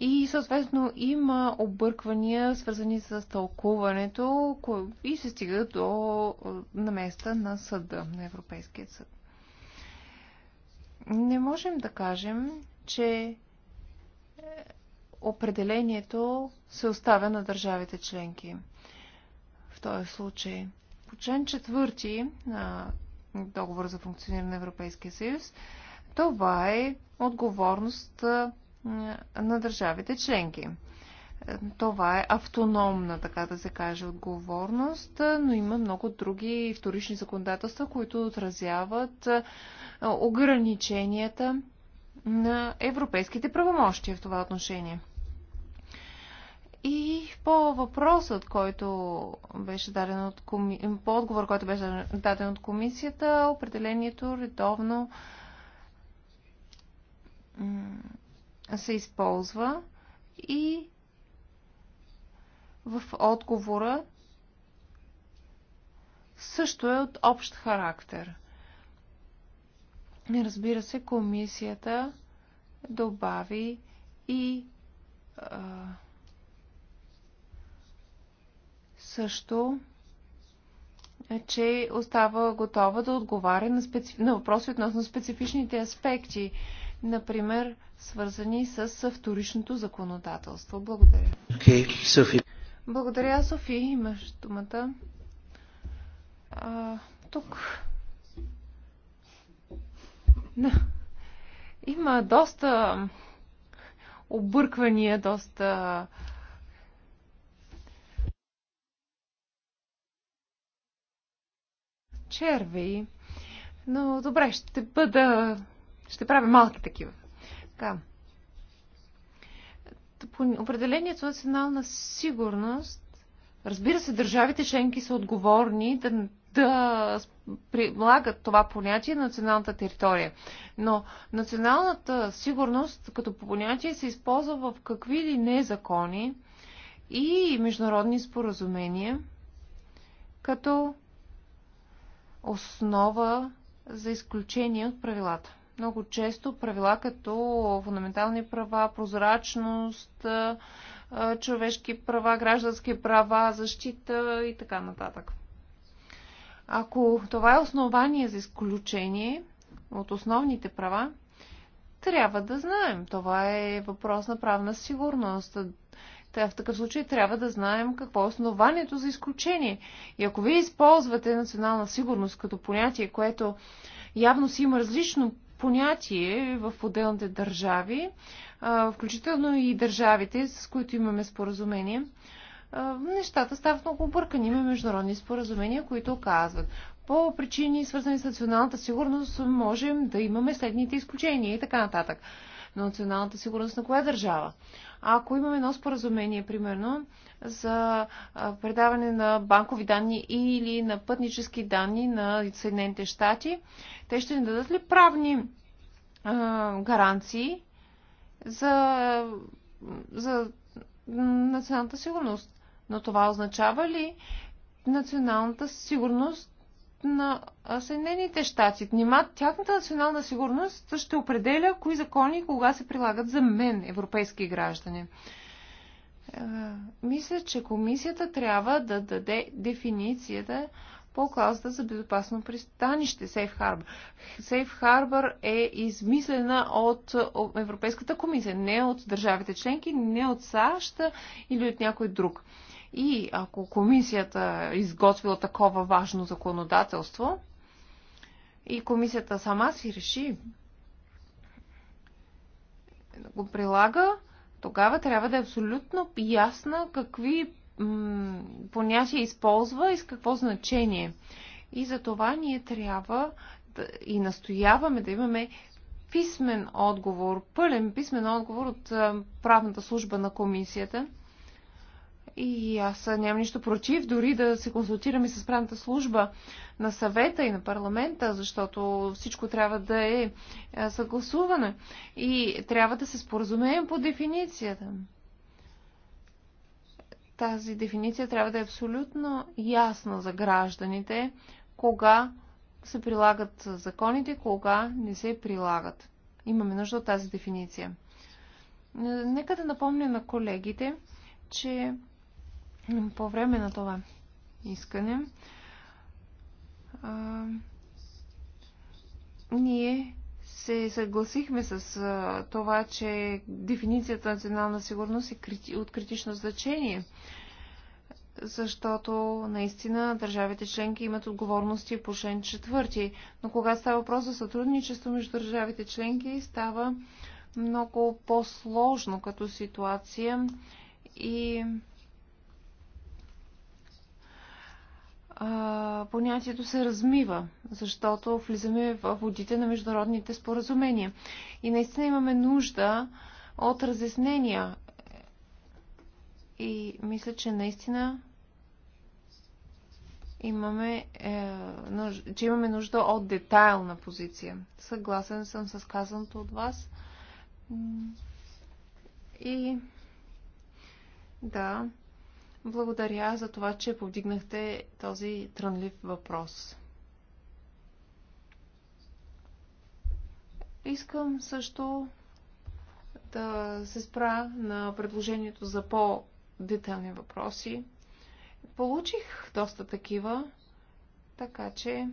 и съответно има обърквания, свързани с тълкуването и се стига до е, наместа на съда, на Европейския съд. Не можем да кажем, че е, определението се оставя на държавите членки. В този случай. По член четвърти на договор за функциониране на Европейския съюз, това е отговорност на държавите членки. Това е автономна, така да се каже, отговорност, но има много други вторични законодателства, които отразяват ограниченията на европейските правомощия в това отношение. И по въпросът, който беше даден от коми... по отговор, който беше даден от комисията, определението редовно се използва и в отговора също е от общ характер. Разбира се, комисията добави и а, също е, че остава готова да отговаря на, специ... на въпроси относно специфичните аспекти, например, свързани с вторичното законодателство. Благодаря. Okay, Софи. Благодаря, Софи. Имаш думата. А, тук. Да. Има доста обърквания, доста черви. Но добре, ще бъда... Ще правя малки такива. Така. По определението национална сигурност, разбира се, държавите членки са отговорни да, да прилагат това понятие на националната територия. Но националната сигурност като понятие се използва в какви ли не закони и международни споразумения, като основа за изключение от правилата. Много често правила като фундаментални права, прозрачност, човешки права, граждански права, защита и така нататък. Ако това е основание за изключение от основните права, трябва да знаем. Това е въпрос на правна сигурност. Тя в такъв случай трябва да знаем какво е основанието за изключение. И ако вие използвате национална сигурност като понятие, което явно си има различно понятие в отделните държави, включително и държавите, с които имаме споразумение, нещата стават много объркани. Имаме международни споразумения, които оказват. По причини, свързани с националната сигурност, можем да имаме следните изключения и така нататък на националната сигурност на коя държава. ако имаме едно споразумение, примерно, за предаване на банкови данни или на пътнически данни на Съединените щати, те ще ни дадат ли правни а, гаранции за, за националната сигурност? Но това означава ли националната сигурност на Съединените щати. Нима тяхната национална сигурност ще определя кои закони и кога се прилагат за мен, европейски граждани. Е, мисля, че комисията трябва да даде дефиницията по клаузата за безопасно пристанище Safe Harbor. Safe Harbor е измислена от Европейската комисия, не от държавите членки, не от САЩ или от някой друг. И ако комисията е изготвила такова важно законодателство и комисията сама си реши да го прилага, тогава трябва да е абсолютно ясна какви понятия използва и с какво значение. И за това ние трябва да, и настояваме да имаме писмен отговор, пълен писмен отговор от правната служба на комисията – и аз нямам нищо против дори да се консултираме с правната служба на съвета и на парламента, защото всичко трябва да е, е съгласувано. И трябва да се споразумеем по дефиницията. Тази дефиниция трябва да е абсолютно ясна за гражданите, кога се прилагат законите, кога не се прилагат. Имаме нужда от тази дефиниция. Е, нека да напомня на колегите, че по време на това искане а, ние се съгласихме с а, това, че дефиницията на национална сигурност е крити, от критично значение, защото наистина държавите членки имат отговорности по член четвърти. Но когато става въпрос за сътрудничество между държавите членки, става много по-сложно като ситуация и а, понятието се размива, защото влизаме в водите на международните споразумения. И наистина имаме нужда от разяснения. И мисля, че наистина имаме, е, нуж... че имаме нужда от детайлна позиция. Съгласен съм с казаното от вас. И да, благодаря за това, че повдигнахте този трънлив въпрос. Искам също да се спра на предложението за по-детални въпроси. Получих доста такива, така че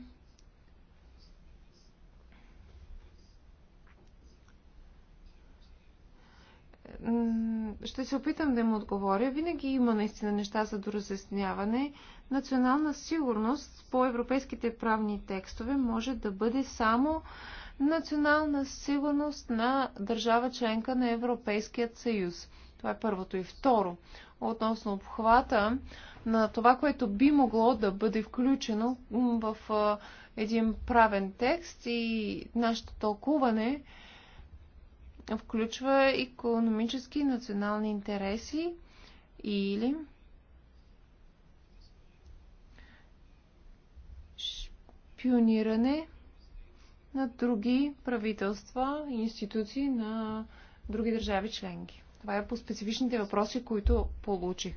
ще се опитам да му отговоря. Винаги има наистина неща за доразясняване. Национална сигурност по европейските правни текстове може да бъде само национална сигурност на държава членка на Европейският съюз. Това е първото. И второ, относно обхвата на това, което би могло да бъде включено в един правен текст и нашето тълкуване – включва економически и национални интереси или шпиониране на други правителства и институции на други държави членки. Това е по специфичните въпроси, които получих.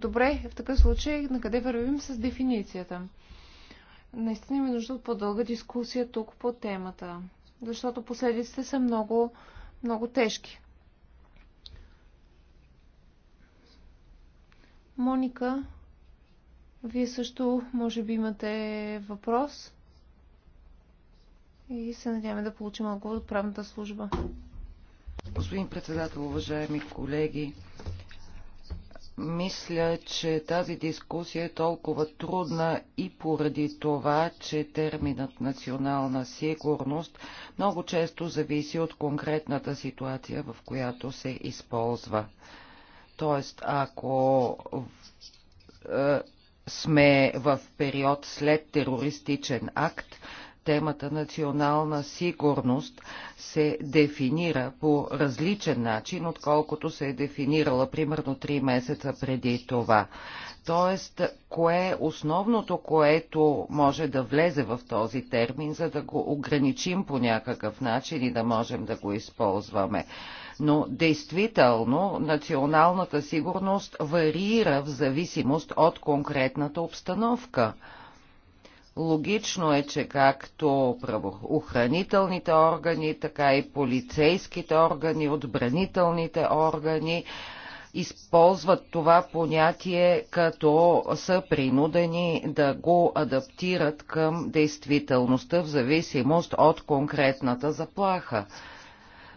Добре, в такъв случай на къде вървим с дефиницията? Наистина ми нужда от по-дълга дискусия тук по темата, защото последиците са много много тежки. Моника, вие също може би имате въпрос и се надяваме да получим отговор от правната служба. Господин председател, уважаеми колеги, мисля, че тази дискусия е толкова трудна и поради това, че терминът национална сигурност много често зависи от конкретната ситуация, в която се използва. Тоест, ако е, сме в период след терористичен акт, темата национална сигурност се дефинира по различен начин, отколкото се е дефинирала примерно 3 месеца преди това. Тоест, кое е основното, което може да влезе в този термин, за да го ограничим по някакъв начин и да можем да го използваме но действително националната сигурност варира в зависимост от конкретната обстановка. Логично е, че както правоохранителните органи, така и полицейските органи, отбранителните органи използват това понятие, като са принудени да го адаптират към действителността в зависимост от конкретната заплаха.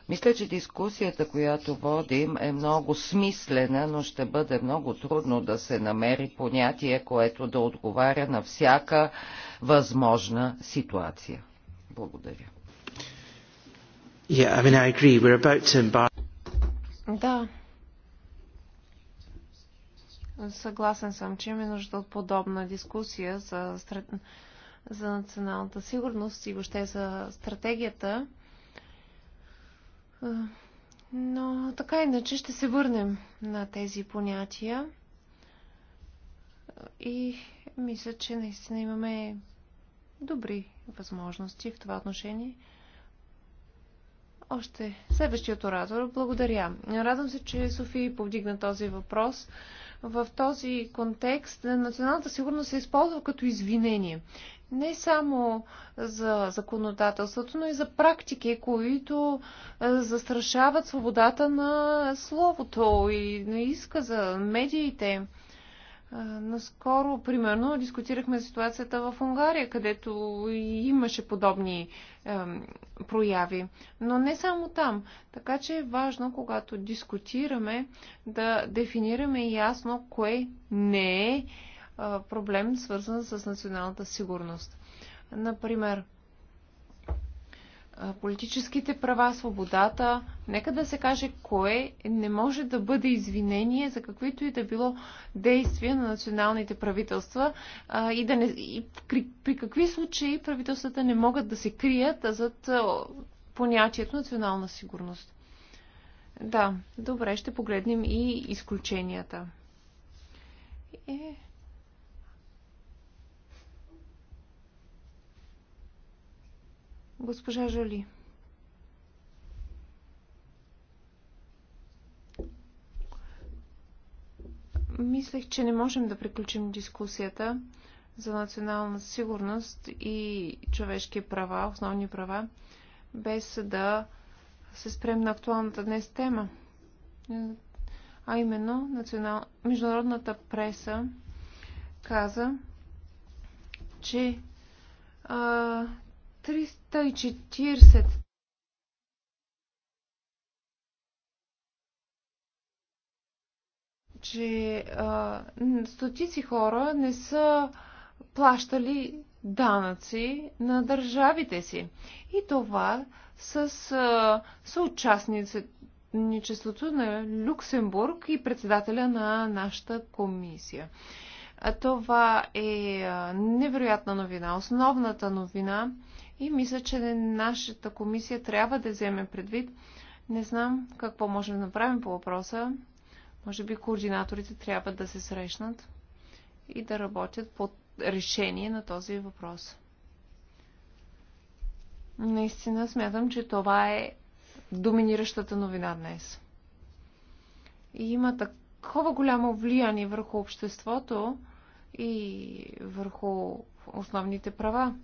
Мисля, че дискусията, която водим, е много смислена, но ще бъде много трудно да се намери понятие, което да отговаря на всяка възможна ситуация. Благодаря. Yeah, I mean, I agree. We're about to embark... Да. Съгласен съм, че имаме нужда от подобна дискусия за, за националната сигурност и въобще за стратегията но така иначе ще се върнем на тези понятия. И мисля, че наистина имаме добри възможности в това отношение. Още следващият оратор. Благодаря. Радвам се, че Софи повдигна този въпрос. В този контекст националната сигурност се използва като извинение не само за законодателството, но и за практики, които е, застрашават свободата на словото и на изказа, медиите. Е, наскоро, примерно, дискутирахме ситуацията в Унгария, където имаше подобни е, прояви. Но не само там. Така че е важно, когато дискутираме, да дефинираме ясно кое не е проблем, свързан с националната сигурност. Например, политическите права, свободата, нека да се каже кое не може да бъде извинение за каквито и да било действия на националните правителства и, да не, и при, при какви случаи правителствата не могат да се крият зад понятието национална сигурност. Да, добре, ще погледнем и изключенията. Е... Госпожа Жоли. Мислех, че не можем да приключим дискусията за национална сигурност и човешки права, основни права, без да се спрем на актуалната днес тема. А именно, национал... международната преса каза, че а, 340 че а, стотици хора не са плащали данъци на държавите си. И това с а, съучастничеството на Люксембург и председателя на нашата комисия. А това е невероятна новина. Основната новина и мисля, че нашата комисия трябва да вземе предвид. Не знам какво можем да направим по въпроса. Може би координаторите трябва да се срещнат и да работят по решение на този въпрос. Наистина смятам, че това е доминиращата новина днес. И има такова голямо влияние върху обществото и върху основните права.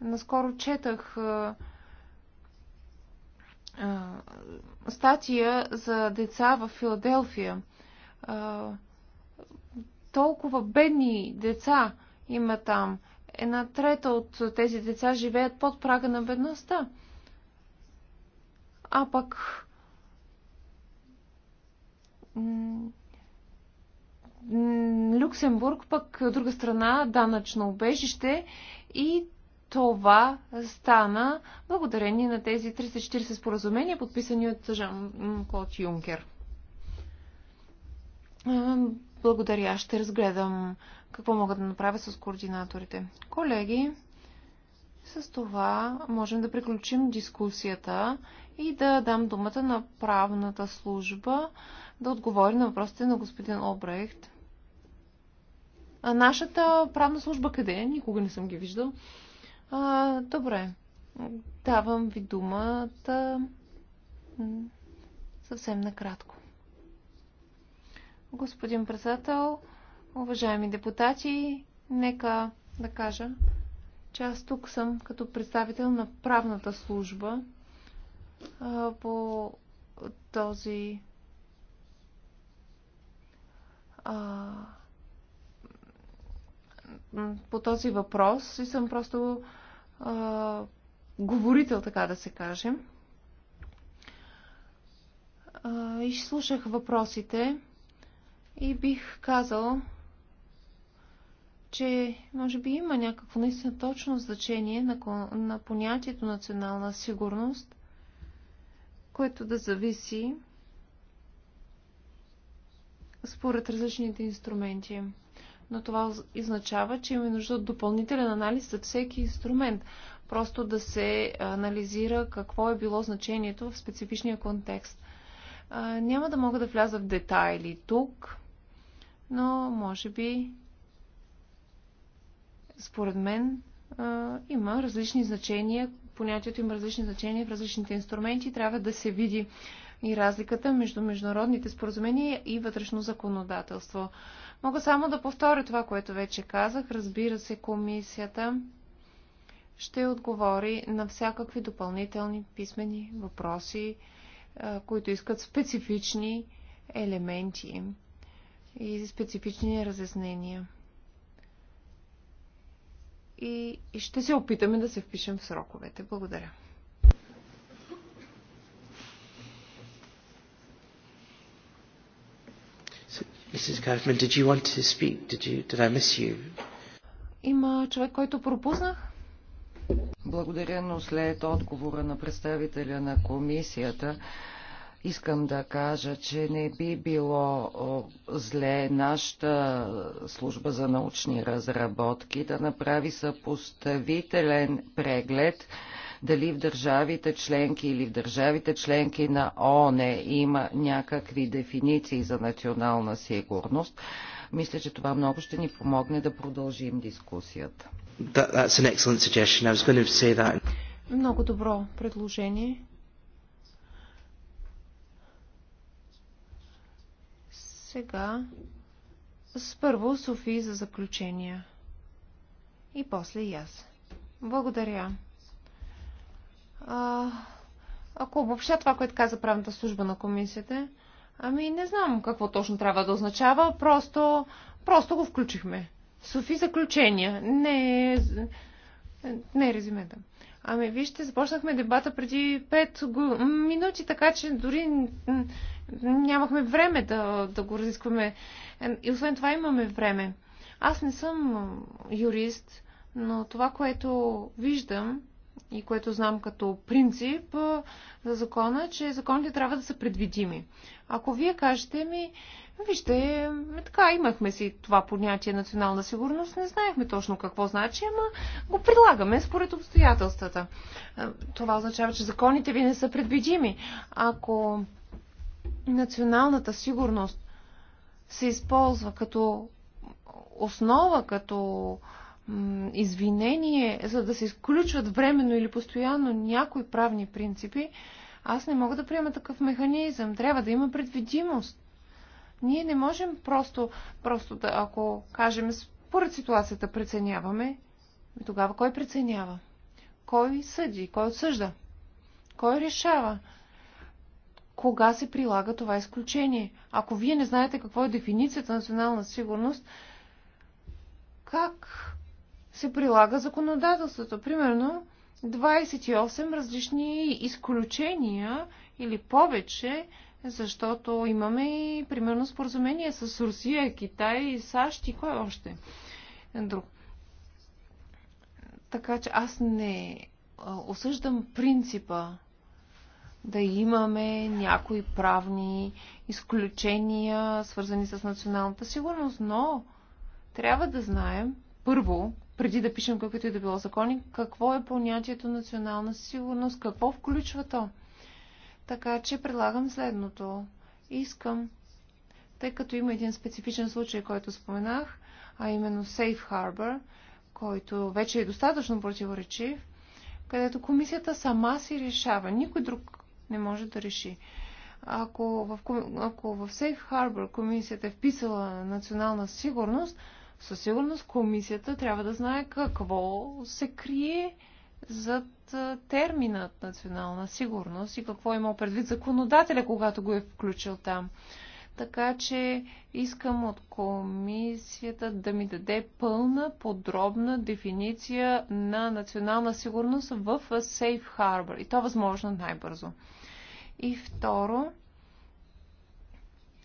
Наскоро четах статия за деца в Филаделфия. Толкова бедни деца има там. Една трета от тези деца живеят под прага на бедността. А пък Люксембург, пък друга страна, данъчно убежище и това стана благодарение на тези 340 споразумения, подписани от Жан-Клод Юнкер. Благодаря. Ще разгледам какво мога да направя с координаторите. Колеги, с това можем да приключим дискусията и да дам думата на правната служба да отговори на въпросите на господин Обрехт. А нашата правна служба къде? Е? Никога не съм ги виждал. А, добре. Давам ви думата съвсем накратко. Господин председател, уважаеми депутати, нека да кажа, че аз тук съм като представител на правната служба а, по този а, по този въпрос и съм просто а, говорител, така да се кажем. и слушах въпросите и бих казал, че може би има някакво наистина точно значение на, на понятието национална сигурност, което да зависи според различните инструменти но това означава, че има нужда от допълнителен анализ за всеки инструмент. Просто да се анализира какво е било значението в специфичния контекст. Няма да мога да вляза в детайли тук, но може би според мен има различни значения, понятието има различни значения в различните инструменти. Трябва да се види и разликата между международните споразумения и вътрешно законодателство. Мога само да повторя това, което вече казах. Разбира се, комисията ще отговори на всякакви допълнителни писмени въпроси, е, които искат специфични елементи и специфични разяснения. И ще се опитаме да се впишем в сроковете. Благодаря. Mrs. Kaufman, did you want to speak? Did, you, did I miss you? Има човек, който пропуснах? Благодаря, но след отговора на представителя на комисията, искам да кажа, че не би било зле нашата служба за научни разработки да направи съпоставителен преглед дали в държавите членки или в държавите членки на ООН има някакви дефиниции за национална сигурност. Мисля, че това много ще ни помогне да продължим дискусията. много добро предложение. Сега с първо Софи за заключения. И после и аз. Благодаря. А, ако обобща това, което каза правната служба на комисията, ами не знам какво точно трябва да означава, просто, просто го включихме. Софи заключения. Не, не е резюмета. Ами вижте, започнахме дебата преди 5 минути, така че дори нямахме време да, да го разискваме. И освен това имаме време. Аз не съм юрист, но това, което виждам, и което знам като принцип за закона, че законите трябва да са предвидими. Ако вие кажете ми, вижте, така имахме си това понятие национална сигурност, не знаехме точно какво значи, ама го предлагаме според обстоятелствата. Това означава, че законите ви не са предвидими. Ако националната сигурност се използва като основа, като извинение, за да се изключват временно или постоянно някои правни принципи, аз не мога да приема такъв механизъм. Трябва да има предвидимост. Ние не можем просто, просто да, ако кажем, според ситуацията преценяваме, ами тогава кой преценява? Кой съди? Кой отсъжда? Кой решава? Кога се прилага това изключение? Ако вие не знаете какво е дефиницията на национална сигурност, как се прилага законодателството. Примерно 28 различни изключения или повече, защото имаме и примерно споразумение с Русия, Китай, САЩ и кой още друг. Така че аз не осъждам принципа да имаме някои правни изключения, свързани с националната сигурност, но трябва да знаем първо преди да пишем каквито и да било закони, какво е понятието национална сигурност, какво включва то. Така че предлагам следното. Искам, тъй като има един специфичен случай, който споменах, а именно Safe Harbor, който вече е достатъчно противоречив, където комисията сама си решава. Никой друг не може да реши. Ако в, ако в Safe Harbor комисията е вписала национална сигурност, със сигурност комисията трябва да знае какво се крие зад терминът национална сигурност и какво има предвид законодателя, когато го е включил там. Така че искам от комисията да ми даде пълна, подробна дефиниция на национална сигурност в Safe Harbor. И то възможно най-бързо. И второ,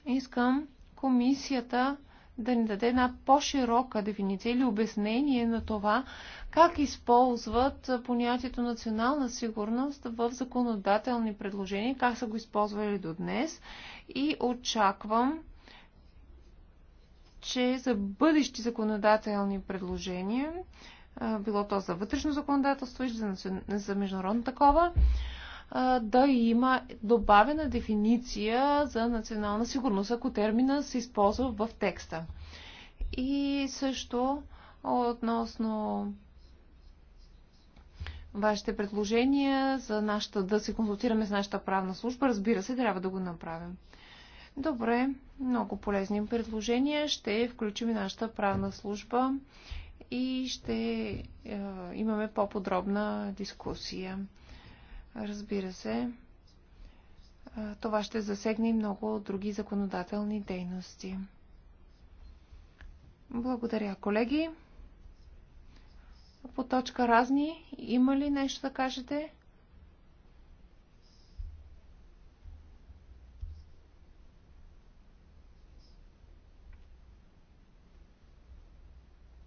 искам комисията да ни даде една по-широка дефиниция или обяснение на това, как използват понятието национална сигурност в законодателни предложения, как са го използвали до днес и очаквам, че за бъдещи законодателни предложения, било то за вътрешно законодателство и за, за международно такова, да има добавена дефиниция за национална сигурност, ако термина се използва в текста. И също относно вашите предложения за нашата, да се консултираме с нашата правна служба, разбира се, трябва да го направим. Добре, много полезни предложения. Ще включим и нашата правна служба и ще е, имаме по-подробна дискусия. Разбира се, това ще засегне и много други законодателни дейности. Благодаря, колеги. По точка разни, има ли нещо да кажете?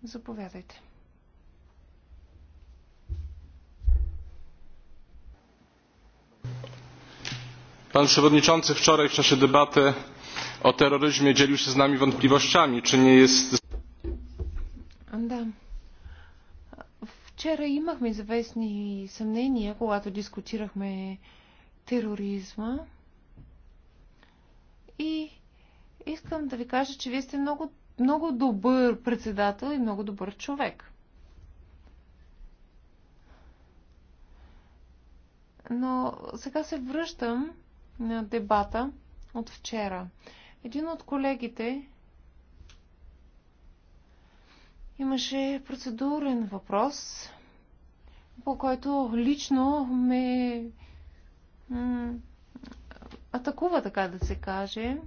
Заповядайте. pan przewodniczący wczoraj w czasie debaty o terroryzmie dzielił się z nami wątpliwościami czy nie jest Да. Вчера имахме известни съмнения, когато дискутирахме тероризма. И искам да ви кажа, че вие сте много, много добър председател и много добър човек. Но сега се връщам на дебата от вчера. Един от колегите имаше процедурен въпрос, по който лично ме атакува, така да се каже.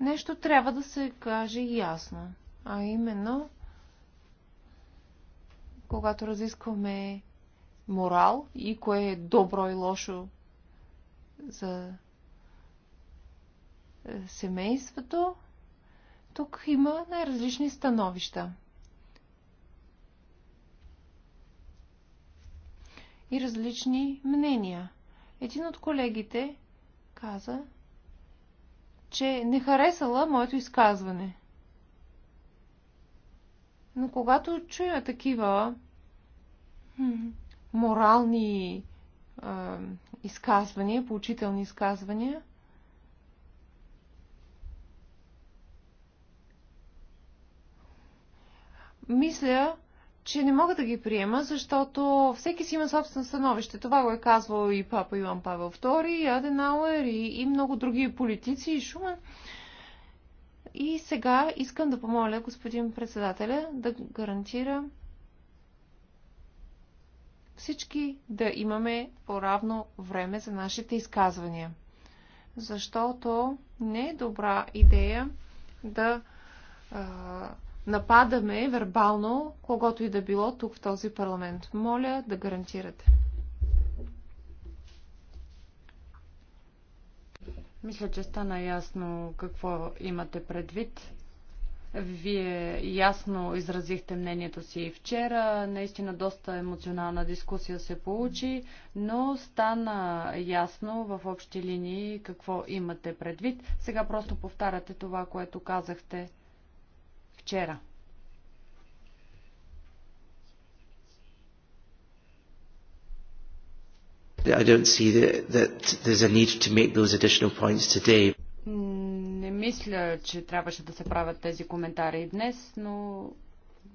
Нещо трябва да се каже ясно, а именно, когато разискваме морал и кое е добро и лошо за е, семейството, тук има най-различни становища. И различни мнения. Един от колегите каза, че не харесала моето изказване. Но когато чуя такива морални е, изказвания, поучителни изказвания. Мисля, че не мога да ги приема, защото всеки си има собствено становище. Това го е казвал и папа Иван Павел II, и Аденауер, и, и много други политици, и Шуман. И сега искам да помоля господин председателя да гарантира всички да имаме по-равно време за нашите изказвания. Защото не е добра идея да а, нападаме вербално когото и да било тук в този парламент. Моля да гарантирате. Мисля, че стана ясно какво имате предвид. Вие ясно изразихте мнението си и вчера. Наистина доста емоционална дискусия се получи, но стана ясно в общи линии какво имате предвид. Сега просто повтаряте това, което казахте вчера. I don't see that, that there's a need to make those additional points today мисля, че трябваше да се правят тези коментари и днес, но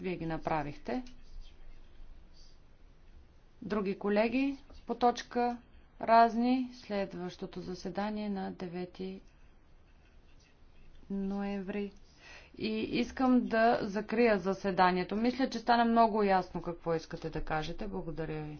вие ги направихте. Други колеги по точка разни. Следващото заседание на 9 ноември. И искам да закрия заседанието. Мисля, че стана много ясно какво искате да кажете. Благодаря ви.